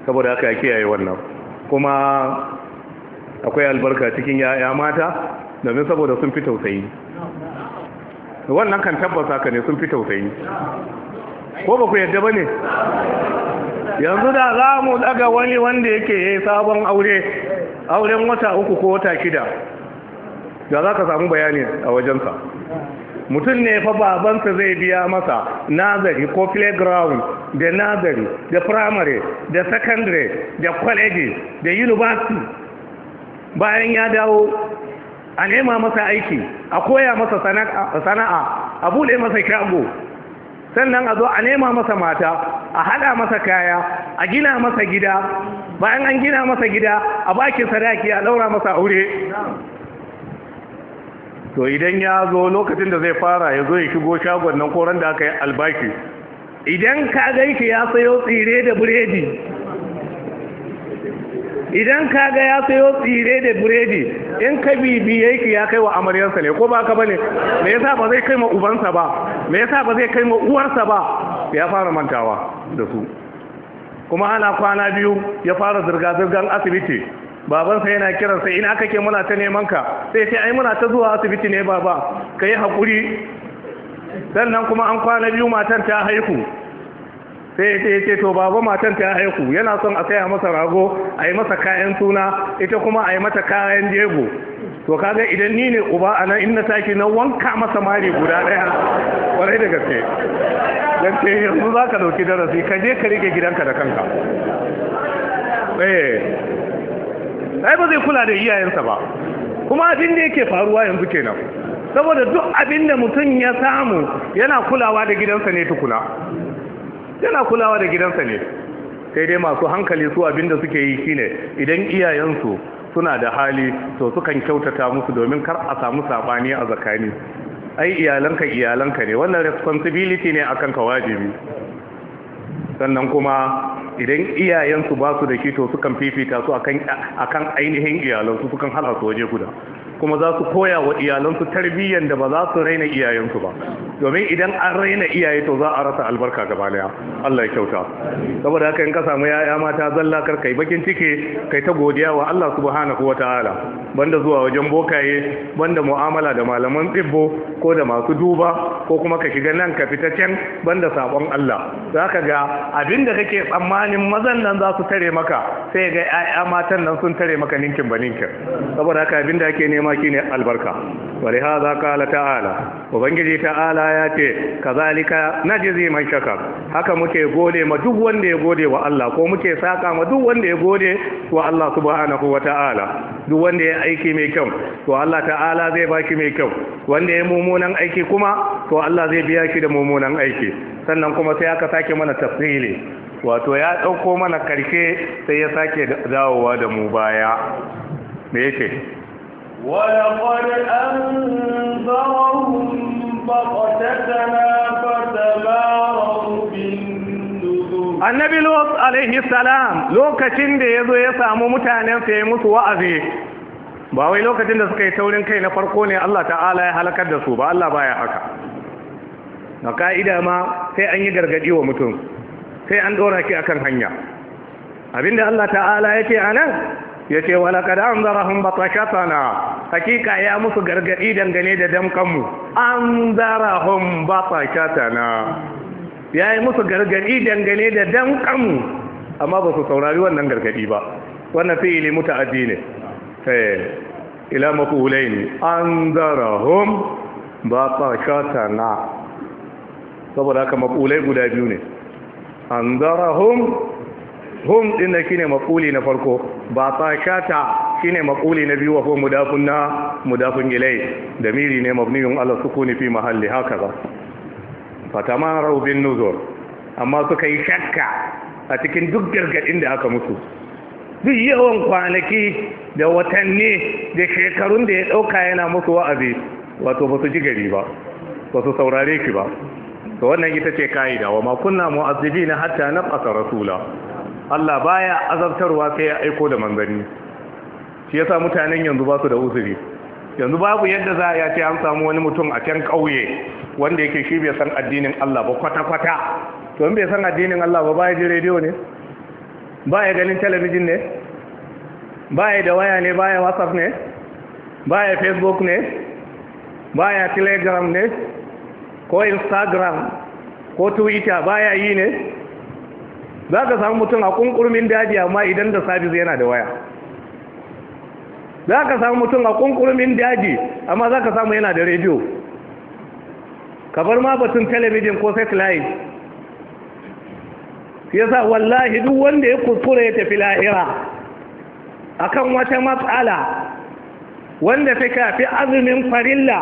saboda haka ya kiyaye wannan kuma akwai albarka cikin yaya mata domin saboda sun fi tausayi wannan kan tabbata ka ne sun fi tausayi ko ba ku yadda ba ne yanzu da za mu daga wani wanda yake yi sabon aure auren wata uku ko wata shida da za ka samu bayani a wajensa mutum ne fa babansa zai biya masa nazari ko playground da nazari da primary da secondary da college da university bayan ya dawo a nema masa aiki a koya masa sana'a a bude masa shago sannan a zo a nema masa mata a haɗa masa kaya a gina masa gida bayan an gina masa gida a baki sadaki a ɗaura masa aure to idan ya zo lokacin da zai fara ya zo ya shigo shagon nan koran da aka yi albashi idan ka gaishe ya sayo tsire da biredi idan ka ga ya sayo tsire da biredi in ka bibiye ki ya kai wa amaryarsa ne ko ba ka bane me yasa ba zai kai ma ubansa ba me yasa ba zai kai ma uwarsa ba ya fara mantawa da su kuma ana kwana biyu ya fara zirga-zirgar asibiti babansa yana kiransa ina kake muna ta neman ka sai ce ai muna ta zuwa asibiti ne baba ka yi haƙuri sannan kuma an kwana biyu matar ta haihu sai ya ce to baba matan ta haihu yana son a saya masa rago a yi masa kayan suna ita kuma a yi mata kayan jego to kaga idan ni ne uba a nan in na taki na wanka masa mari guda daya kwarai da gaske don ce yanzu za ka dauki darasi ka je ka rike gidanka da kanka eh ai ba zai kula da iyayensa ba kuma abin da yake faruwa yanzu kenan saboda duk abin da mutum ya samu yana kulawa da gidansa ne tukuna yana kulawa da gidansa ne sai dai masu hankali su abinda suke yi shine idan iyayensu suna da hali to sukan kyautata musu domin kar a samu sabani a zakani ai iyalanka iyalanka ne wannan responsibility ne akan ka wajibi sannan kuma idan iyayensu ba su da shi sukan fifita su akan ainihin iyalansu sukan hada su waje guda kuma za su koya wa iyalansu tarbiyyar da ba za su raina iyayensu ba domin idan an raina iyaye to za a rasa albarka gaba daya Allah ya kyauta saboda haka in ka samu yaya mata zalla kar kai bakin ciki kai ta godiya wa Allah subhanahu wataala banda zuwa wajen bokaye banda mu'amala da malaman tsibbo ko da masu duba ko kuma ka shiga nan ka fita can banda sabon Allah zaka ga abinda kake tsammanin mazan nan za su tare maka sai ga yaya matan nan sun tare maka ninkin ba ninkin saboda haka abinda ake nema ma ne albarka za ka ala ta'ala ubangiji ta'ala ya ce kazalika jizi man shaka. haka muke gode ma duk wanda ya gode wa Allah ko muke saka ma duk wanda ya gode wa Allah subhanahu wa ta'ala duk wanda ya aiki mai kyau to Allah ta'ala zai baki mai kyau wanda ya mummunan aiki kuma to Allah zai biya shi da mummunan aiki sannan kuma sai aka sake mana tafsiri wato ya ɗauko mana karshe sai ya sake dawowa da mu baya me yake ولقد أنذرهم بغتتنا فتماروا بالنذر النبي لوط عليه السلام لو كتن دي يزو يسامو متانا في مسوى أذي ba wai lokacin da suka yi taurin kai na farko ne Allah ta'ala ya halakar da su ba Allah baya haka na ka'ida ma sai an yi gargadi wa mutum sai an dora ki akan hanya abinda Allah ta'ala ya ce anan ya ce wala an hakika ya musu gargadi dangane da damkanmu an zara hum ba na. ya yi musu gargadi dangane da damkanmu amma ba su saurari wannan gargadi ba wannan fi'ili muta'addi ne eh, ila ne. an zara hum ba na. saboda haka mafulai guda biyu ne an zara hum din da kine mafuli na farko ba shata shine maquli na biyu wa ko mudafun na mudafun ilay damiri ne mabniyun ala sukuni fi mahalli ba. Fataman bin nuzur amma suka yi shakka a cikin duk gargadin da aka musu duk yawan kwanaki da watanni da shekarun da ya dauka yana musu wa'azi wato ba su ji gari ba ba su saurare ki ba to wannan ita ce kaida wa ma kunna mu'azzibina hatta nabqa rasula Allah baya azabtarwa sai ya aiko da manzanni shi yasa mutanen yanzu ba su da uzuri yanzu babu yadda za a ce an samu wani mutum a can ƙauye wanda yake shi bai san addinin Allah ba kwata-kwata to in bai san addinin Allah ba ba ya ji rediyo ne ba ya ganin talabijin ne ba ya da waya ne ba ya whatsapp ne ba ya facebook ne ba ya telegram ne ko instagram ko twitter ba ya yi ne za ka samu mutum a kunkurmin daji amma idan da sabis yana da waya za ka samu mutum a kunkurumin daji amma za ka samu yana da rediyo Ka bar ma batun talabijin ko satellite yasa wallahi duk wanda ya kuskure ya tafi lahira akan wata matsala wanda ta kafi azumin farilla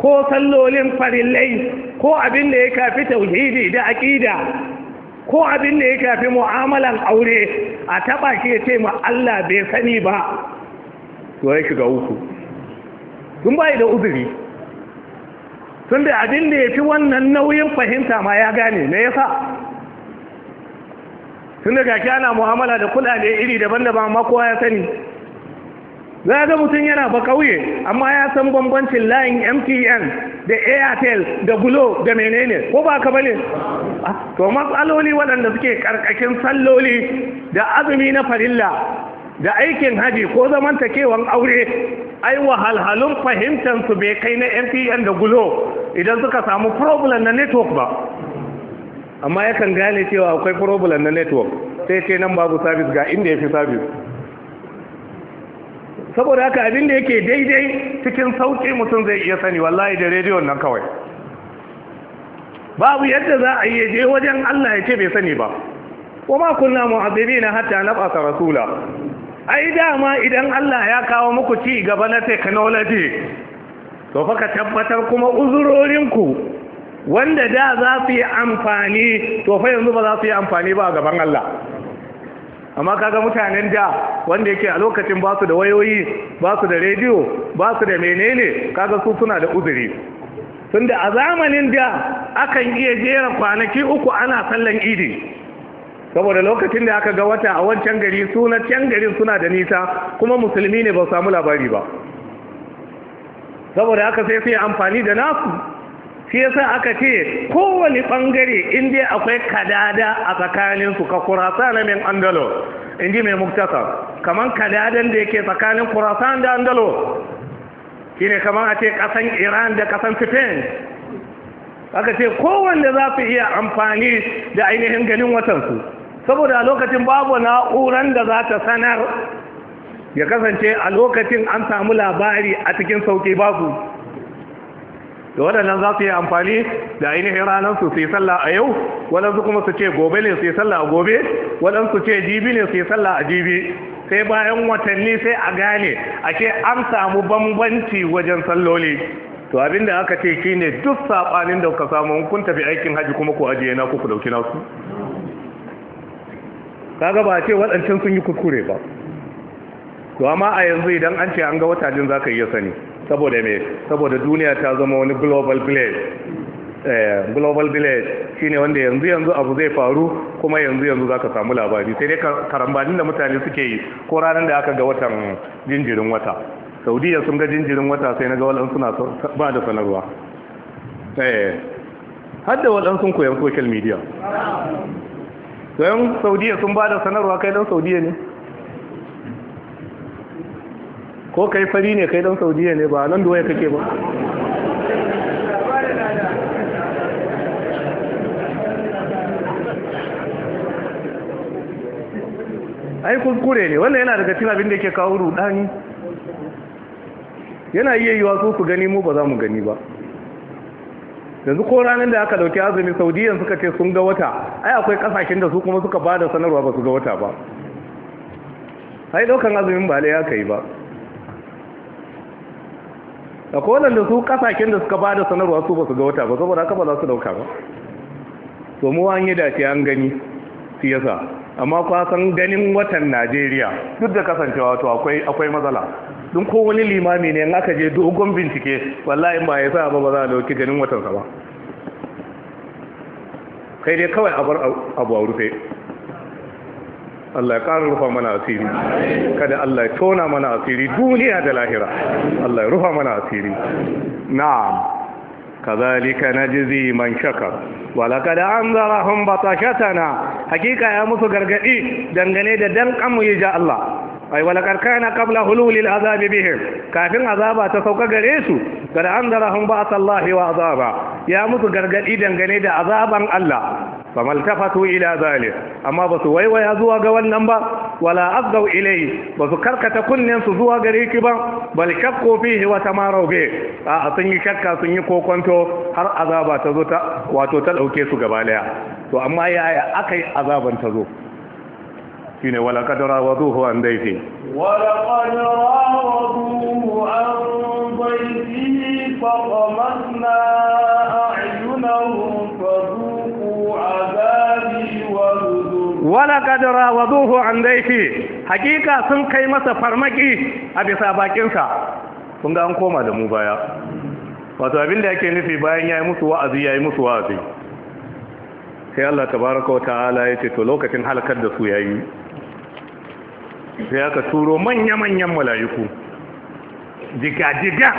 ko sallolin farillai ko abin da ya kafi tauhidi da aƙida ko abin da ya kafi mu'amalan aure a taɓa ke ce ma Allah bai sani ba to ya shiga uku tun bai da uzuri tun da abin da ya fi wannan nauyin fahimta ma ya gane ya yasa tun da gaki ana mu'amala da kudade iri daban-daban amma kowa ya sani za ga mutum yana ba kauye amma ya san bambancin layin mtn da airtel da gulo da menene ko ba ka bane ah, to matsaloli waɗanda suke ƙarƙashin salloli da azumi na farilla da aikin haji ko zamantakewan aure ai wahalhalun fahimtansu bai kai na mpn da gulo idan suka samu problem na network ba amma yakan gane cewa akwai problem na network sai ce nan babu service ga inda ya fi service saboda haka abin da yake daidai cikin sauƙi mutum zai iya sani wallahi da rediyon nan kawai babu yadda za a yi je wajen Allah ya ce bai sani ba kunna ma kunna na hatta fasa rasula ai dama idan Allah ya kawo muku ci gaba na technology to fa ka tabbatar kuma uzurorinku wanda da za su yi amfani to fa yanzu ba za su yi amfani ba gaban Allah amma kaga mutanen da wanda yake a lokacin ba su da wayoyi ba su da rediyo ba su da menene kaga su suna da uzuri tunda a zamanin da akan iya jera kwanaki uku ana sallan idi saboda lokacin da aka ga wata a wancan gari suna can garin suna da nisa kuma musulmi ne ba samu labari ba saboda aka sai sai amfani da nasu shi yasa aka ce kowane bangare in akwai kadada a tsakanin su ka kurasan na min andalo in ji mai muktasa kaman kadadan da yake tsakanin kurasa da andalo shine kaman a ce kasan iran da kasan spain aka ce kowanne za su iya amfani da ainihin ganin watansu saboda a lokacin babu na'uran da za ta sanar ya kasance a lokacin an samu labari a cikin sauki babu da waɗannan za su yi amfani da ainihin ranar su su yi sallah a yau waɗansu kuma su ce gobe ne su yi sallah a gobe waɗansu ce jibi ne su yi sallah a jibi sai bayan watanni sai a gane a ake an samu bambanci wajen salloli to abin da aka ce ne duk saɓanin da kuka samu kun tafi aikin haji kuma ku ajiye na ku ku dauki nasu kaga ba a ce waɗancan sun yi kuskure ba to amma a yanzu idan an ce an ga watajin za ka iya sani saboda me saboda duniya ta zama wani global village eh, global village shine wanda yanzu yanzu abu zai faru kuma yanzu yanzu za ka samu labari sai dai karambanin da mutane suke yi ko ranar da aka ga watan jinjirin wata saudiya sun ga jinjirin wata sai na ga waɗansu suna ba da sanarwa eh, har da waɗansu koyan social media to yan saudiya sun ba da sanarwa kai dan saudiya ne ko kai fari ne kai dan saudiya ne ba nan doya kake ba ai kuskure ne wannan yana daga cikin abin da yake kawo rudani yana iya yiwa su ku gani mu ba za mu gani ba yanzu ko ranar da aka dauki azumi saudiyan suka ce sun ga wata ai akwai kasashen da su kuma suka ba da sanarwa ba su ga wata ba ai daukan azumin ba aka yi ba da kowane da su kasashen da suka ba da sanarwa su ba su ga wata ba saboda haka ba za su dauka ba to mu an yi dace an gani siyasa amma kwasan ganin watan najeriya duk da kasancewa to akwai matsala don ko wani limami ne in aka je dogon bincike wallahi ba ya sa ba ba za a dauki ganin watansa ba kai dai kawai a bar abu a rufe Allah ya ƙara rufa mana asiri kada Allah ya tona mana asiri duniya da lahira Allah ya rufa mana asiri na'am كذلك نجزي من شكر ولقد Hakika ya musu gargadi, dangane da dan kamu ya ja Allah. ai wala karkana qabla hululil azabi bihim kafin azaba ta sauka gare su kad anzarahum ba'sa wa azaba ya musu gargadi dangane da azaban Allah famaltafatu ila zalim amma basu waiwaya zuwa ga wannan ba wala azgau ba basu karkata kunnen su zuwa gare ki ba bal shakku fihi wa tamarau bi a sun yi shakka sun yi kokonto har azaba ta zo ta wato ta dauke su gaba daya to amma yaya akai azaban ta zo shine wala kadara wa zuhu an daifi wala kadara wa zuhu an daifi fa qamatna a'yunahum fa a azabi wa nuzur wala kadara wa zuhu an daifi hakika sun kai masa farmaki a bisa bakinsa kun ga an koma da mu baya wato abin da yake nufi bayan yayi musu wa'azi yayi musu wa'azi sai Allah tabaraka wa ta'ala ya ce to lokacin halakar da su yayi sai aka turo manya-manyan mala'iku jiga-jiga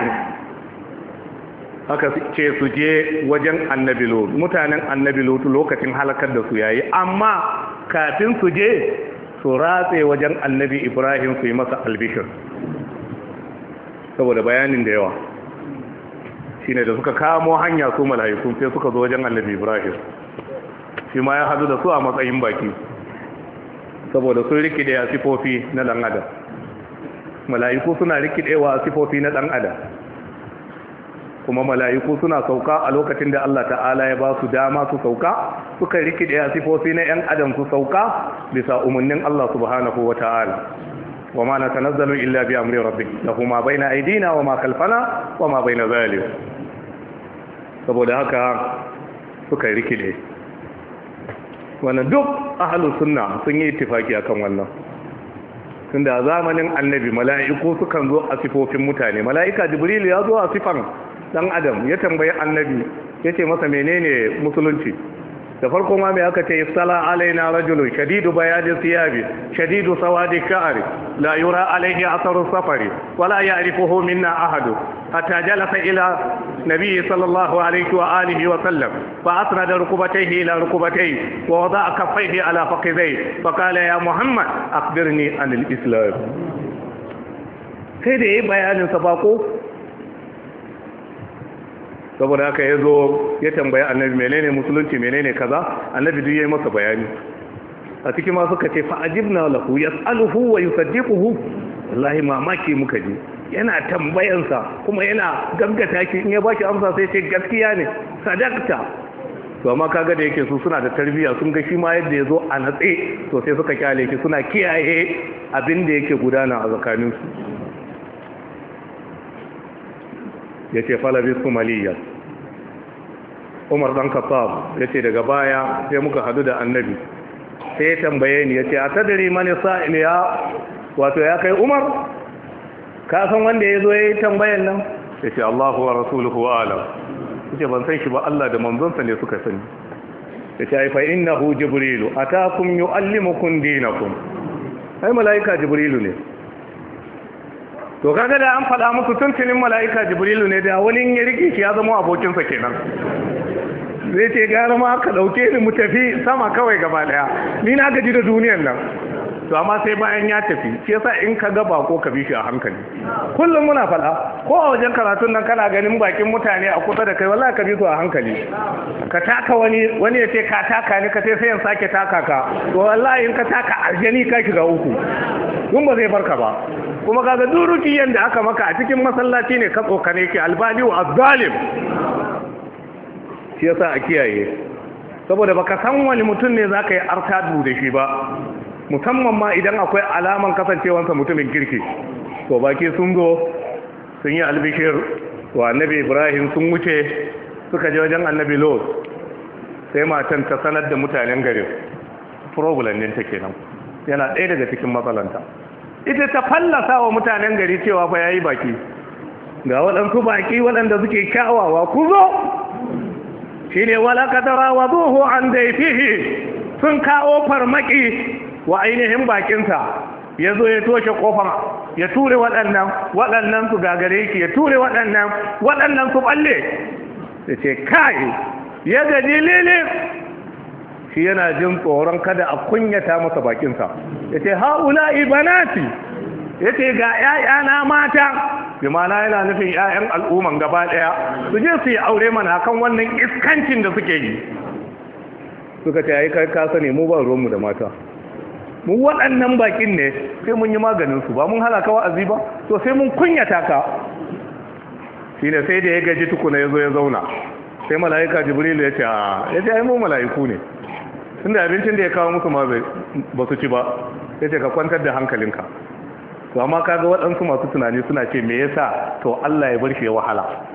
aka ce su je wajen annabi lotu mutanen annabi lotu lokacin halakar da su yayi amma kafin su je su ratse wajen annabi ibrahim su yi masa albishir saboda bayanin da yawa shine da suka kamo hanya su mala'iku sai suka zo wajen annabi ibrahim shi ma ya hadu da su a matsayin baki saboda sun rikide a sifofi na dan adam mala'iku suna rikidewa a sifofi na dan adam kuma mala'iku suna sauka a lokacin da Allah ta'ala ya ba su dama su sauka suka rikide a sifofi na yan adam su sauka bisa umarnin Allah subhanahu wa ta'ala wa ma natanazzalu illa bi amri rabbik lahu ma baina aydina wa ma khalfana wa ma baina zalik saboda haka suka rikide wannan duk ahalus sunna sun yi ittifaki akan wannan tunda zamanin annabi mala'iku sukan zo a sifofin mutane mala'ika jibril ya zo a sifan dan adam ya tambayi annabi yace masa menene musulunci da farko ma mai aka ce istala alaina rajulun shadidu bayanin siyabi shadidu sawadi sha'ari la yura alaihi asarun safari wala ya'rifuhu minna ahadu hatta jalasa ila nabiyyi sallallahu alaihi wa alihi wa sallam fa asnada rukubatayhi ila rukubatayhi wa wada'a kaffayhi ala fakhidayhi fa qala ya muhammad akhbirni anil islam sai da yayi bayanin sa bako saboda haka ya zo ya tambaya annabi menene musulunci menene kaza annabi duk yayi masa bayani a cikin ma suka ce fa'ajibna lahu yas'aluhu wa yusaddiquhu wallahi mamaki muka ji yana tambayansa kuma yana gaggata ki in ya baki amsa sai ce gaskiya ne sadakta to amma kaga da yake su suna da tarbiyya sun ga shi ma yadda ya zo a natse to sai suka kyale ki suna kiyaye abin da yake gudana a tsakaninsu ya ce falabistu maliyar umar Dan kasab ya ce daga baya sai muka hadu da annabi sai ya tambaye ni ya ce a tadari mani sa'il ya wato ya kai umar ka san wanda ya zo ya yi tambayan nan ya ce allahu wa rasuluhu wa alam ya ce ban san shi ba allah da manzonsa ne suka sani ya ce ai fa innahu jibrilu atakum yu'allimukum dinakum ai mala'ika jibrilu ne to kaga da an faɗa musu tuntunin mala'ika jibrilu ne da wani ya rike shi ya zama abokinsa kenan zai ce gara ma ka ɗauke ni mu tafi sama kawai gaba ɗaya ni na gaji da duniyan nan to amma sai bayan ya tafi shi yasa in ka ga bako ka bi shi a hankali kullum muna faɗa ko a wajen karatun nan kana ganin bakin mutane a kusa da kai wallahi ka bi su a hankali ka taka wani wani ya ce ka taka ni ka sai sai sake taka ka to wallahi in ka taka aljani ka shiga uku kun ba zai farka ba kuma kaga duruki yanda aka maka a cikin masallaci ne ka tsokane ki albani wa azzalim shi yasa a kiyaye saboda baka san wani mutum ne zaka yi artadu da shi ba musamman ma idan akwai alaman kasancewansa mutumin kirki to baki sun zo sun yi albishir wa annabi ibrahim sun wuce suka je wajen annabi lot sai matan ta sanar da mutanen gari problem take nan, yana ɗaya daga cikin matsalanta ita ta fallasa wa mutanen gari cewa fa yayi baki ga waɗansu baki waɗanda suke kyawawa ku zo shi ne wala kadara wa zuhu an daifihi sun kawo farmaki wa ainihin bakinsa ya zo ya toshe kofa, ya ture waɗannan waɗannan su gagare ki ya ture waɗannan waɗannan su balle da ce kai ya gaji lili shi yana jin tsoron kada a kunyata masa bakinsa ya ce haula ibanati ya ce ga 'ya'yana mata na yana nufin 'ya'yan al'umman gaba ɗaya su je su yi aure mana kan wannan iskancin da suke yi suka ce ya yi karkasa ne mu ba ruwanmu da mata mu waɗannan bakin ne sai mun yi maganin su ba mun halaka wa'azi ba to sai mun kunyata ka ne sai da ya gaji tukuna ya zo ya zauna sai mala'ika jibril ya ce a ah, ya ce ai mu mala'iku ne da abincin da ya kawo musu ma ba su ci ba ya ce ka kwantar da hankalinka to amma ka ga waɗansu masu tunani suna ce me yasa to Allah ya bar shi ya wahala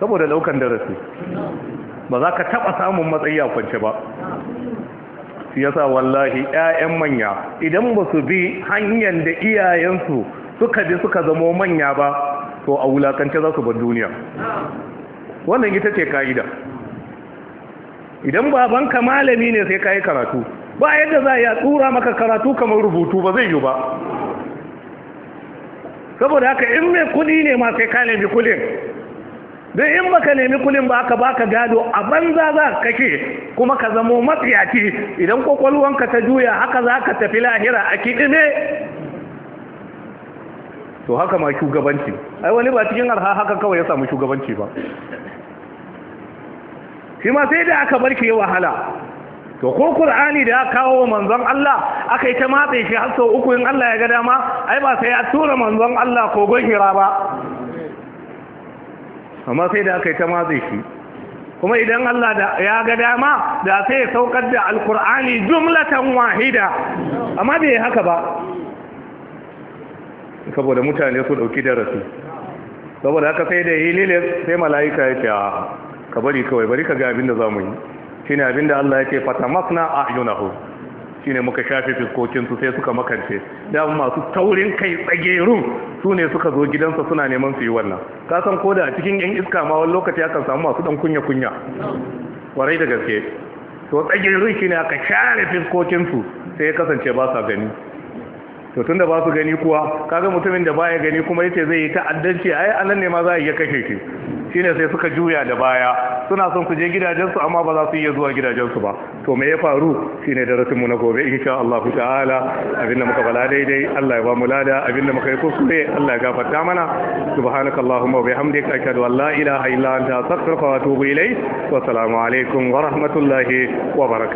saboda daukan darasi ba za ka taba samun matsayi a kwance ba yasa wallahi ƴaƴan manya idan ba su bi hanyar da iyayensu suka bi suka zamo manya ba to a wulakance za su bar duniya wannan ita ce ka'ida idan babanka malami ne sai ka yi karatu ba yadda za a tsura maka karatu kamar rubutu ba zai yi ba saboda haka in mai kudi ne ma sai ka nemi kudin don in baka nemi kulin ba aka baka gado a banza za ka kuma ka zamo matsiyaci idan kwakwalwanka ta juya haka za ka tafi lahira a kiɗime to haka ma shugabanci ai wani ba cikin arha haka kawai ya samu shugabanci ba shi ma sai da aka barke wahala to ko qur'ani da aka kawo manzon Allah aka yi ta matse shi har sau uku in Allah ya ga dama ai ba sai ya tura manzon Allah ko gon hira ba amma sai da aka yi ta matse shi kuma idan Allah ya ga dama da sai ya saukar da alkur'ani jumlatan wahida amma bai haka ba saboda mutane su dauki darasi saboda haka sai da hilile sai mala'ika ya ce ka bari kawai bari ka ga abin da zamu yi shine abin da Allah ya ce a a'yunahu shine muka shafe fiskokinsu sai suka makance da masu taurin kai tsagerun su ne suka zo gidansa suna neman su yi wannan kasan san ko da cikin yan iska ma wani lokaci akan samu masu dan kunya kunya warai da gaske to tsagerun shine aka share fiskokinsu sai ya kasance ba sa gani to tun da ba su gani kuwa kaga mutumin da baya gani kuma yace zai yi ta'addanci ai anan ne ma za a iya kashe ki shine sai suka juya da baya suna son su je gidajensu amma ba za su iya zuwa gidajen su ba to me ya faru shine darasin mu na gobe insha Allah ta'ala abin da muka bala daidai Allah ya ba mu lada abin da muka yi kuskure Allah ya gafarta mana subhanakallahumma wa bihamdika ashhadu an la ilaha illa anta astaghfiruka wa atubu ilayk wa assalamu alaikum wa rahmatullahi wa barakatuh